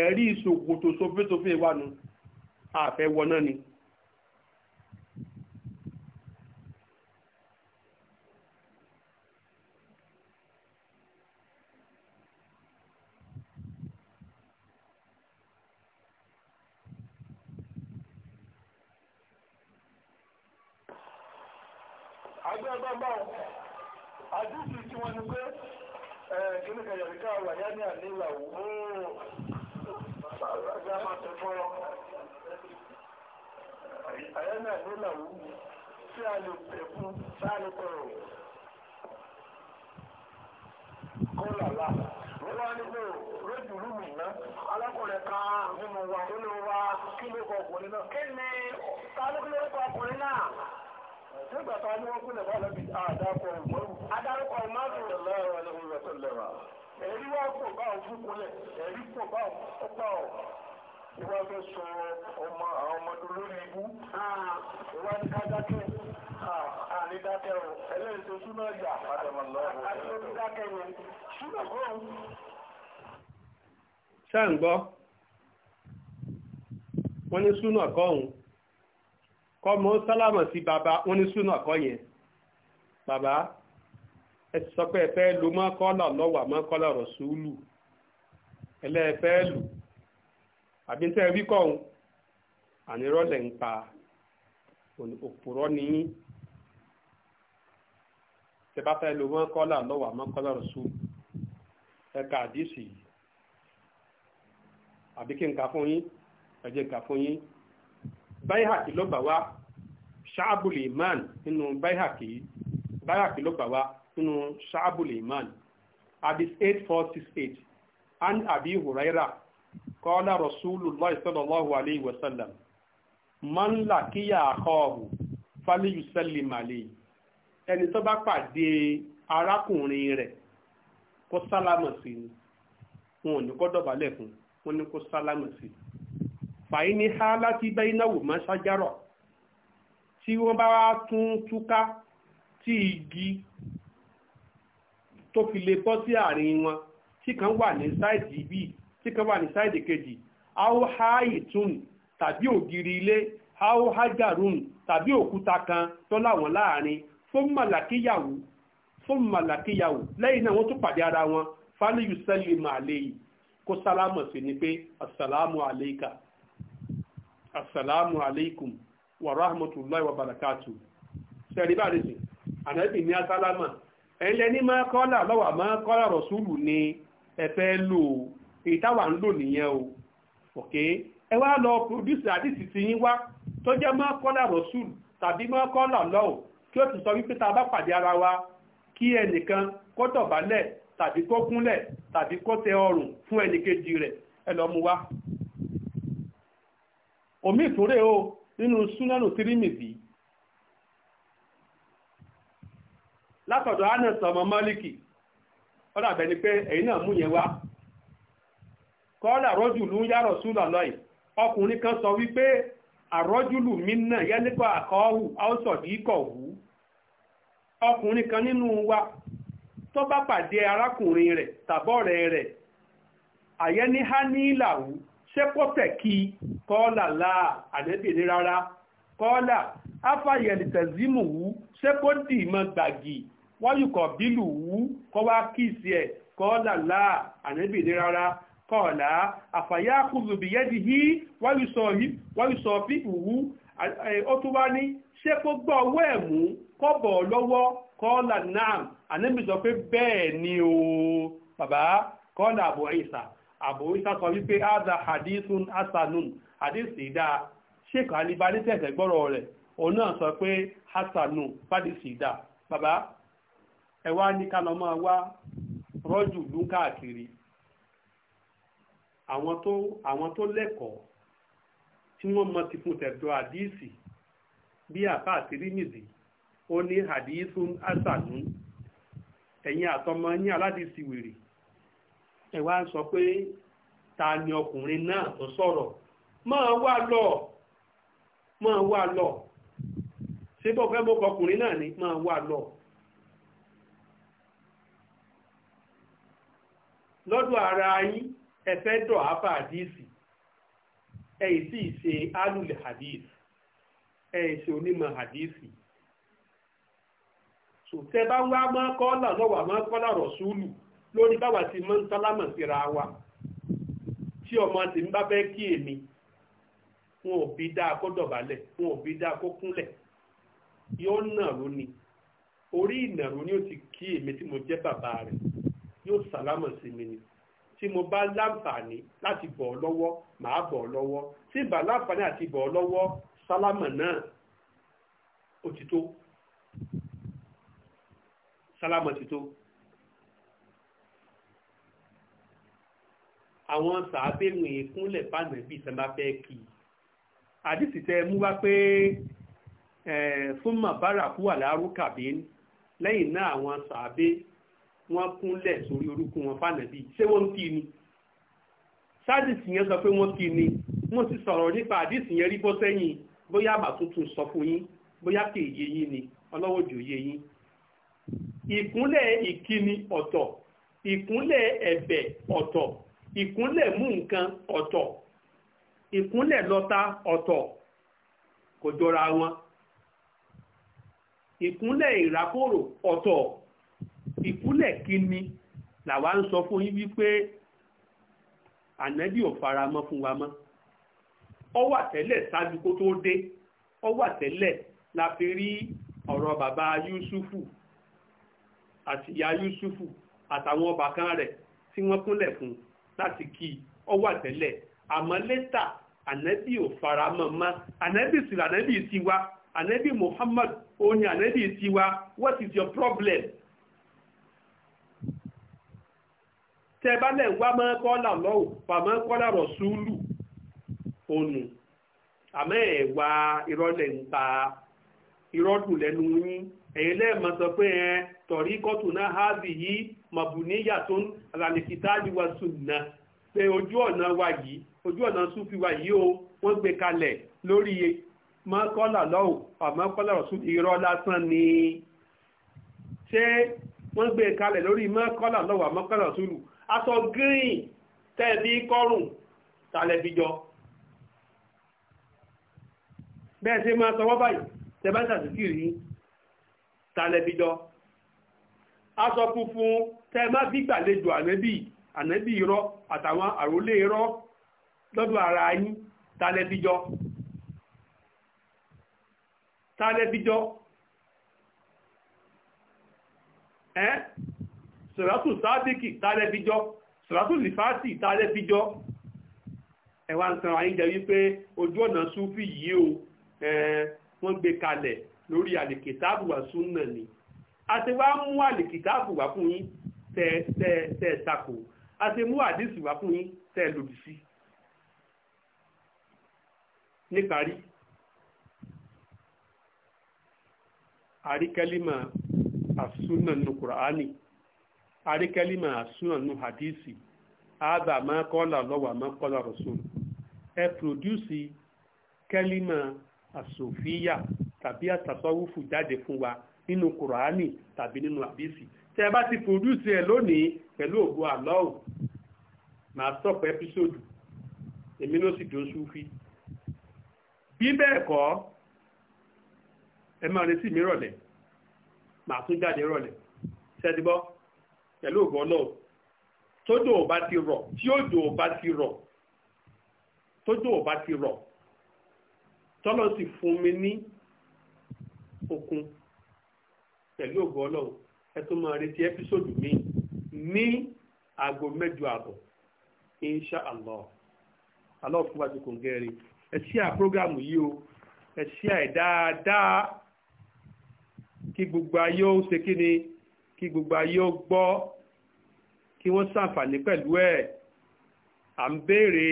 ẹ̀rí ìṣòwò tó sofé sofé àfẹ́wọ́ náà ni. ìwà fẹ́ sọ ọmọ àwọn ọmọdé lórí ibú ìwà ní kájákẹ́ àní dákẹ́ o ẹlẹ́yìn tó súná yà àti dákẹ́ yẹn súná bọ́ ṣáà ń gbọ́ wọ́n ní súná kọ́ òun kọ́mọ sálámọ̀ sí bàbá wọ́n ní súná kọ́ yẹn bàbá ẹ ti sọ pé ẹ fẹ́ lo mọ́kọ́lá lọ́wọ́ àmọ́kọ́lá rọ̀ sùúlù ẹlẹ́ẹ̀fẹ́ lù àbí tẹ́ wí kọ́ òun ànírọ́lẹ̀ ń pa òpùrọ́ ní tẹ bá fẹ́ lo mọ́kọ́lá lọ́wọ́ mọ́kọ́lá rọ̀ṣù ẹ̀ka àdìsí àbí kí n kà fún yín ẹ jẹ́ n kà fún yín báyìhàkì ló gbà wá ṣáàbùlì imán nínú báyìhàkì ló gbà wá nínú ṣáàbùlì imán àbí eight four six eight and àbí hùráírà kọ́lá rasulullah sallallahu alayhi wa sallam man laqiya akhahu falyusallim alayhi ẹni tó bá pàdé arákùnrin rẹ̀ kó sálámà sí ni wọn ò ní kó dọ̀bálẹ̀ fún wọn ní kó sálámà sí i fàyí ní há láti bainahu mọ́ṣájárọ̀ tí wọ́n bá wá tún túká tí igi tó fi lè bọ́ sí àárín wọn tí kan wà ní sáìdì bíi tí kan wà ní sáìdì kejì auhaitun tàbí ògiri ilé auhajarun tàbí òkúta kan tó láwọn láàrin fún màlàkíyàwó fún màlàkíyàwó lẹ́yìn náà wọ́n tún pàdé ara wọn fáliyù sẹ́lìmù àléyìí kó sálámù sí ni pé asàlámù àléyìká asàlámù àléyìkùm wa rahmatullahi wa barakatuh sẹ́rí bá rèsì ànábì ní asálámà ẹ̀lẹ́ni máa kọ́lá lọ́wọ́ máa kọ́lá rọ̀súlù ni ẹ̀fẹ́ lò ó èyí táwa ń lò nìyẹn o ok ẹ wá lọ produce àdìsí ti yín wá tó jẹ́ mọ́ kọ́là rọ̀ṣùl tàbí mọ́ kọ́là lọ́wọ́ kí o ti sọ wípé bá pàdé ara wa kí ẹnìkan kó dọ̀bálẹ̀ tàbí kó kúnlẹ̀ tàbí kó tẹ ọrùn fún ẹnìkejì rẹ ẹ lọ mú wá omi ìtúrẹ́ o nínú súnánù tírímìdì látọ̀dọ̀ Anas ọmọ Málíkì ó dàbẹ̀ pé ẹ̀yin náà mú yẹn wá kọ́lá rọ́jùlù ń yàrọ̀ súlọ̀ ọkùnrin kan sọ wípé àrọ́jùlù mi náà yẹ́ nípa àkọ́hù áùsọ̀dì ìkọ̀wú ọkùnrin kan nínú wa tó bá pàdé arákùnrin rẹ̀ tàbọ̀rẹ̀ rẹ̀ àyẹ́ ní háníìlàwú ṣé kò kí kọ́lá rárá kọ́lá wú ṣé dì mọ́ gbàgì bílù wú kíìsì kọ́ọ̀lá afaya kùzù bí yẹ́dì hí wáyùsọ̀fíhù ó tún wá ní ṣé kó gbọ́ ọwọ́ ẹ̀ mú kọ́bọ̀ lọ́wọ́ kọ́ọ̀lá náà ànábì sọ pé bẹ́ẹ̀ ni o baba kọ́ọ̀lá àbò ìsà àbò ìsà sọ wípé aza hadithun hasanun hadith ìdá ṣèkà alibá ní tẹ̀sẹ̀ gbọ́rọ̀ rẹ̀ òun náà sọ pé hasanun fàdísì ìdá bàbá ẹ wá ní ká lọ rọ́jù lù káàkiri àwọn tó àwọn tó lẹ́kọ̀ọ́ tí wọ́n mọ tìkun tẹ̀dọ̀ àdíìsì bí àbá àtìrímìdì ó ní àdíìsùn àṣàdún ẹ̀yin àtọmọ yín aládìsí wèrè ẹ wá ń sọ pé ta ni ọkùnrin náà tó sọ̀rọ̀ máa wá lọ máa wá lọ ṣé bọ́ fẹ́ mọ́ ọkùnrin náà ni máa wá lọ. lọ́dọ̀ ara yín ẹ fẹ́ dọ̀ áfà àdíìsì sì ṣe alùlẹ̀ hadith ẹ ṣe onímọ̀ hadíìsì tẹ bá wá mọ́ kọ́là lọ́wọ́ àmọ́ kọ́là rọ̀ṣúlù lórí báwa ti mọ́ wa tí ọmọ ti ń bá fẹ́ kí èmi wọn ò bí dáa kó dọ̀bálẹ̀ wọn ò bí dáa kó kúnlẹ̀ yóò nàró ni orí ìnàró tí mo bá láǹfààní láti bọ̀ ọ́ lọ́wọ́ màá bọ̀ ọ́ lọ́wọ́ tí ìbá láǹfààní àti bọ̀ ọ́ lọ́wọ́ sálámà náà ó ti tó sálámà ti tó. àwọn sàábẹ̀wò ìkúnlẹ̀ fáànà bíi sábà fẹ́ kì í àdìsí tẹ mú wá pé fún màbára kú àlárúkàbí lẹ́yìn náà àwọn sàábẹ̀wò wọ́n kúnlẹ̀ sórí orúkún wọn fànàbí ṣé wọ́n kí ni sádìsì yẹn sọ pé wọ́n kí ni wọ́n ti sọ̀rọ̀ nípa àdìsì yẹn rí bọ́ sẹ́yìn bóyá àbá tuntun sọ fún yín bóyá kì í yé yín ni ọlọ́wọ́ jò yé yín ìkúnlẹ̀ ìkíni ọ̀tọ̀ ìkúnlẹ̀ ẹ̀bẹ̀ ọ̀tọ̀ ìkúnlẹ̀ mú nǹkan ọ̀tọ̀ ìkúnlẹ̀ lọ́ta ọ̀tọ̀ kò jọra wọn ìkúnlẹ̀ ìrákòrò ọ̀tọ̀ ìpìlẹ̀ kínní làwa ń sọ fún yín wípé ànábì ò fara fún wa mọ́ ó wà ṣáájú kó tó dé ó wà ọ̀rọ̀ bàbá Yusufu àti ya Yusufu àtàwọn kan rẹ̀ tí wọ́n kúnlẹ̀ fún láti kí ó àmọ́ lẹ́tà ò fara mọ́ mọ́ sì tiwa Muhammad your problem? tẹ bá lẹ̀ ń wá mọ́ kọ́là lọ́wọ́ fàmọ́ kọ́là rọ̀ súlù ònù àmọ́ ẹ̀ wá ìrọ̀lẹ̀ ń pa ìrọ́dùn lẹ́nu yín ẹ̀yin lẹ́ẹ̀mọ́ sọ pé ẹ tọ̀rí kọ́tù náà hábì yìí màbùníyà tó ń alàlìkìtàbí wa sùnà pé ojú ọ̀nà wa yìí ojú ọ̀nà súnfì wa yìí o wọ́n gbé kalẹ̀ lórí mọ́kọ́là lọ́wọ́ àmọ́kọ́là rọ̀ sún irọ́ lásán ni ṣé wọ́n gbé kalẹ̀ lórí mọ́kọ́là lọ́wọ́ àmọ́kọ́là sùnù aṣọ green tẹ́ẹ̀bí kọ́rùn tàlẹ̀bíjọ bẹ́ẹ̀ sí máa sọ wọ́n báyìí sí rí tàlẹ̀bíjọ aṣọ funfun tẹ́ẹ̀má bí gbàlejò ànẹ́bì ànẹ́bì irọ́ àtàwọn àrólé irọ́ ara yín tàlẹ̀bíjọ tàlẹ̀bíjọ eh? sọ̀rọ̀tù sábìkì tààrẹ fíjọ́ sọ̀rọ̀tù lífàtì tààrẹ fíjọ́ ẹ̀wà ń tan àyíjẹ wípé ojú ọ̀nà súfì yìí o wọ́n gbé kalẹ̀ lórí àlèkìtàbù wà súnà ni a ti wá mú àlèkìtàbù wà fún yín tẹ́ tako a ti mú àdìsù wà fún yín tẹ́ lòdì sí níparí àríkẹ́límà àsúnà nù kùránì àríkẹ́límà àsúná nù hadisi àbà máa kọ́là lọ́wọ́ àmọ́ kọ́là rasul ẹ pòdúsì kẹ́límà àsòfíyà tàbí àtàsọ́wùfù jáde fún wa nínú kùránì tàbí nínú hadisi tẹ́ ẹ bá ti pòdúsì ẹ lónìí pẹ̀lú ògo àlọ́ọ̀ màá sọ̀pọ̀ ẹ́písòdù èmi ló sì dún súfì bí bẹ́ẹ̀ kọ́ ẹ máa retí mi rọ̀lẹ́ màá tún jáde rọ̀lẹ́ ṣẹ́dibọ́ pẹ̀lú ògbọ́n náà tójò ò bá ti rọ̀ tí òjò ò bá ti rọ̀ tójò ò bá ti rọ̀ tọ́lọ́ sì fún mi ní okun pẹ̀lú ògbọ́n náà ẹ tó máa retí ẹ́písòdù mi ní aago mẹ́jọ àbọ̀ insha allah allah fún wa ti kò ń ẹ ṣí à prógámù yìí o ẹ ṣí à dáadáa kí gbogbo ayé ó ṣe kí ni kí gbogbo ayé ó gbọ́ kí wọ́n ṣàǹfààní pẹ̀lú ẹ̀ à ń béèrè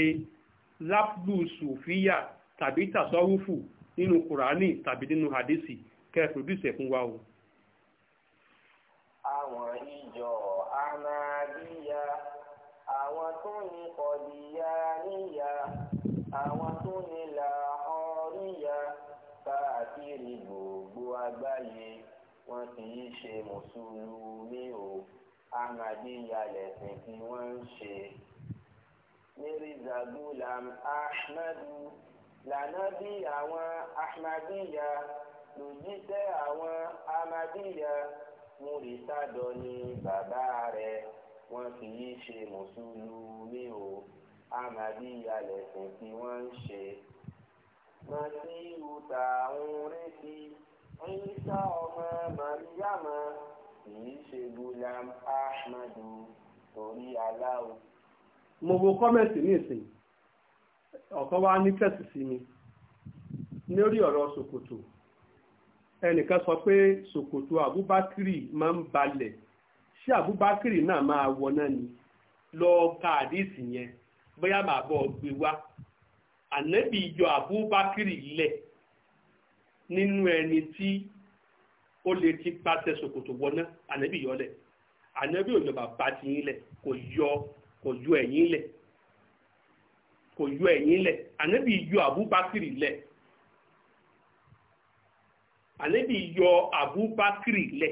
lápùlù sùfíyà tàbí tàṣọ́wúfù nínú kùránì tàbí nínú hadisi kẹ́ ẹ̀ pòdùsì ẹ̀ fún wa o. àwọn ìjọ ahmadiyya àwọn tó ní kọ̀díyà níyà àwọn tó ní làhọ́ríyà káàkiri gbogbo àgbáyé wọn kì í ṣe mùsùlùmí o ahmadiyya lẹ̀sìn tí wọ́n ń ṣe. mirza gulam ahmadu lànábì àwọn ahmadiyya lòjíṣẹ́ àwọn ahmadiyya múrisádọ ni bàbá rẹ̀ wọn kì í ṣe mùsùlùmí o ahmadiyya lẹ̀sìn tí wọ́n ń ṣe. masihu tá à ń retí. ìsá ọmọ màríyàmá kìí ṣe gulam ahmadu torí aláwọ. mo wo kọ́mẹ̀ntì ní ìsìn ọ̀kan wá ní kẹ̀sì sí mi lórí ọ̀rọ̀ ṣòkòtò ẹnìkan sọ pé ṣòkòtò abubakiri máa ń balẹ̀ ṣé abubakiri náà máa wọná ni lọ ka yẹn bóyá nínú ẹni tí ó lè ti pàṣẹ ṣòkòtò wọná ànábì yọlẹ ànábì ò yọ bàbá ti yín lẹ kò yọ kò yọ ẹ̀yin lẹ kò yọ ẹ̀yin lẹ ànábì yọ àbúbákìrì lẹ ànábì yọ àbúbákìrì lẹ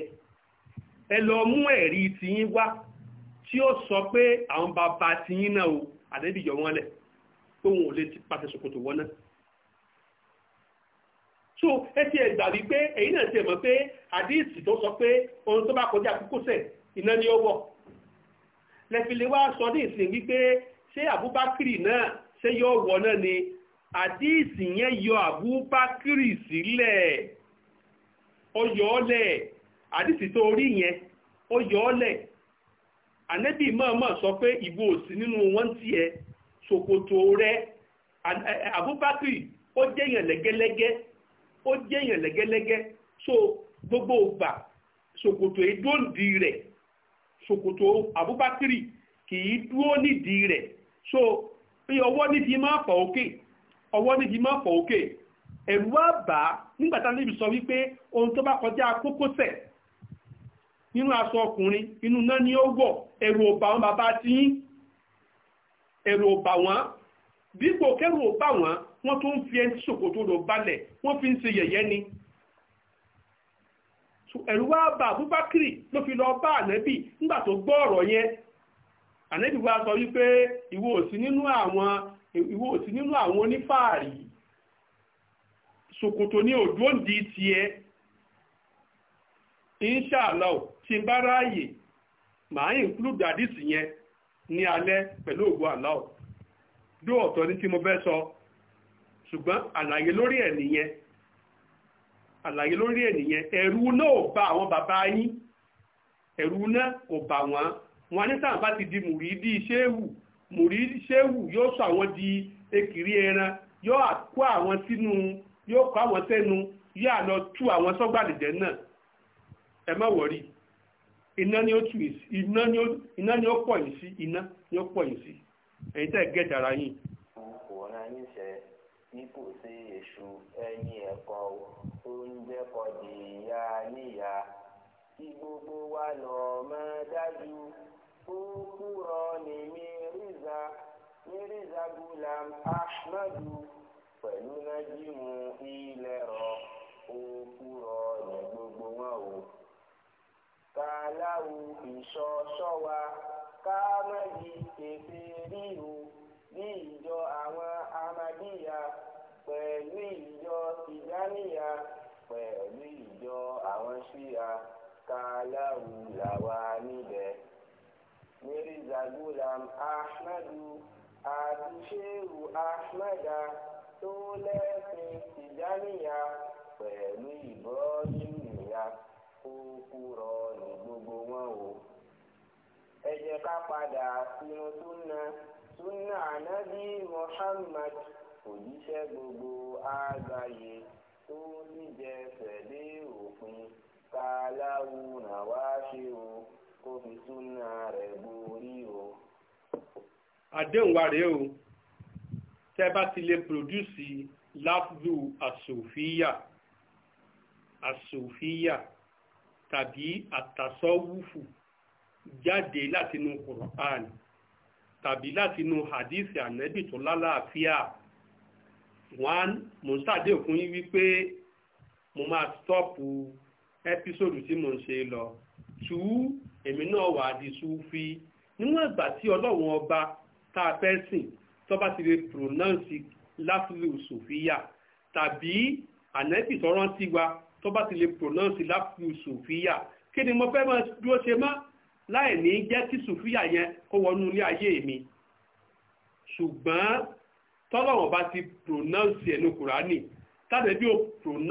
ẹ lọ mú ẹ̀rí tiyín wá tí ó sọ pé àwọn bàbá tiyín náà o ànábì yọ wọn lẹ pé òun ò lè ti pàṣẹ ṣòkòtò wọná so ẹ ti ẹ gbà wípé ẹ̀yin náà ti ẹ̀ mọ̀ pé àdíìsì tó sọ pé ohun tó bá kọjá kókósẹ̀ iná ni ó wọ̀ lẹ́fìlẹ́ wá sọ ní ìsìn wípé ṣé àbúbákírì náà ṣé yóò wọ̀ náà ni àdíìsì yẹn yọ àbúbákírì sílẹ̀ ó yọ ọ́ lẹ̀ àdíìsì tó rí yẹn ó yọ ọ́ lẹ̀ sọ pé ìbò òsì nínú wọn tiẹ̀ ṣòkòtò rẹ̀ àbúbákírì ó jẹ́yàn lẹ́gẹ́lẹ́gẹ́ ó jẹ́ èèyàn lẹ́gẹ́lẹ́gẹ́ so gbogbo ògbà ṣòkòtò ìdóòdì rẹ̀ ṣòkòtò Abubakiri kì í dúó rẹ̀ so ọwọ́ nídìí máa fọ̀ òkè ọwọ́ nídìí máa fọ̀ òkè ẹ̀rù wá bà á nígbà tá níbi sọ wípé ohun tó bá kọjá kókósẹ̀ nínú aṣọ ọkùnrin inú náà ni ó wọ̀ ẹ̀rù ò bà wọ́n bàbá tí ẹ̀rù ò bà wọ́n dípò kẹ́rù ò bà wọ́n tún ń fi ẹni ṣòkòtò rò balẹ̀ wọ́n fi ń ṣe yẹ̀yẹ́ ni. ẹ̀rù wá bá Abubakiri ló fi lọ bá ànẹ́bì nígbà tó gbọ́ ọ̀rọ̀ yẹn ànẹ́bì wá sọ wípé ìwọ ò sí nínú àwọn ìwọ ò sí nínú àwọn onífàárì ṣòkòtò ní òdòǹdì tiẹ̀ inshallah tí n bá ráàyè màá include àdìsí yẹn ní alẹ́ pẹ̀lú ògbó àláwọ̀ dó ọ̀tọ̀ ní tí mo fẹ́ sọ ṣùgbọ́n àlàyé lórí ẹ̀ nìyẹn àlàyé lórí ẹ̀ nìyẹn ẹ̀rù náà ò bà àwọn bàbá yín ẹ̀rù náà ò bà wọ́n wọn ní tàn ti di mùrídìí ṣéwù mùrídìí ṣéwù yóò sọ àwọn di ekiri ẹran yóò kó àwọn sínú yóò kó àwọn sẹ́nu yóò àlọ tú àwọn sọ́gbàdìjẹ́ náà ẹ má wọ̀rí iná ni ó tù yìí sí iná ni ó pọ̀ yìí sí iná ni ó pọ̀ yìí sí ẹ̀yin tẹ́ gẹ̀ẹ́dàrà yìí bí kò sí èṣù ẹni ẹ̀kọ́ tó ń jẹ́kọ̀ dè ya níyà tí gbogbo wa lọ mọ́ dájú ó kúrọ ní mírízà mírízà gulam ahmadu pẹ̀lú nájímù ilẹ̀ rọ ó kúrọ ní gbogbo wọn o. kàláwù ìṣọ́ṣọ́ wa ká má di ètè o ní ìjọ àwọn amadíyà pẹ̀lú ìjọ tìjáníyà pẹ̀lú ìjọ àwọn ṣíyà kàláwù làwà níbẹ̀. mirza gulam ahmadu àti shehu ahmada tó lẹ́sìn tìjáníyà pẹ̀lú ìbọ́jú ìyá kó kúrọ ní gbogbo wọn o. ẹ jẹ́ ká padà sínú súnà súnà ànábì Muhammad òjíṣẹ́ gbogbo àgbáyé tó sì jẹ́ pẹ̀lú òfin káláwù náà wá ṣe o kó fi súnà rẹ̀ borí o. àdéhùn wa rèé o tẹ́ bá ti lè pòdúsì láfdù àsòfíyà àsòfíyà tàbí àtàsọ́wùfù jáde látinú Kùránì tàbí láti inú hadith ànẹ́bì tó lálàáfíà wọ́n mò ń ṣàdé òfin yín wípé mo máa stọ́ọ̀pù ẹ́písòdù tí mò ń ṣe lọ tù ú èmi náà wà á di súfì níwọ̀n ìgbà tí ọlọ́run ọba tá a fẹ́ sìn tó bá ti lè pronounce láfílù sòfíà tàbí ànẹ́bì tó rántí wa tó bá ti lè pronounce láfílù sòfíà kí ni mo fẹ́ máa dúró ṣe máa láì ní jẹ́ kí sùfíà yẹn kó wọnú ilé ayé mi ṣùgbọ́n tọ́lọ́wọ̀n bá ti pronounce ẹnu kùránì tàbí bí o pronounce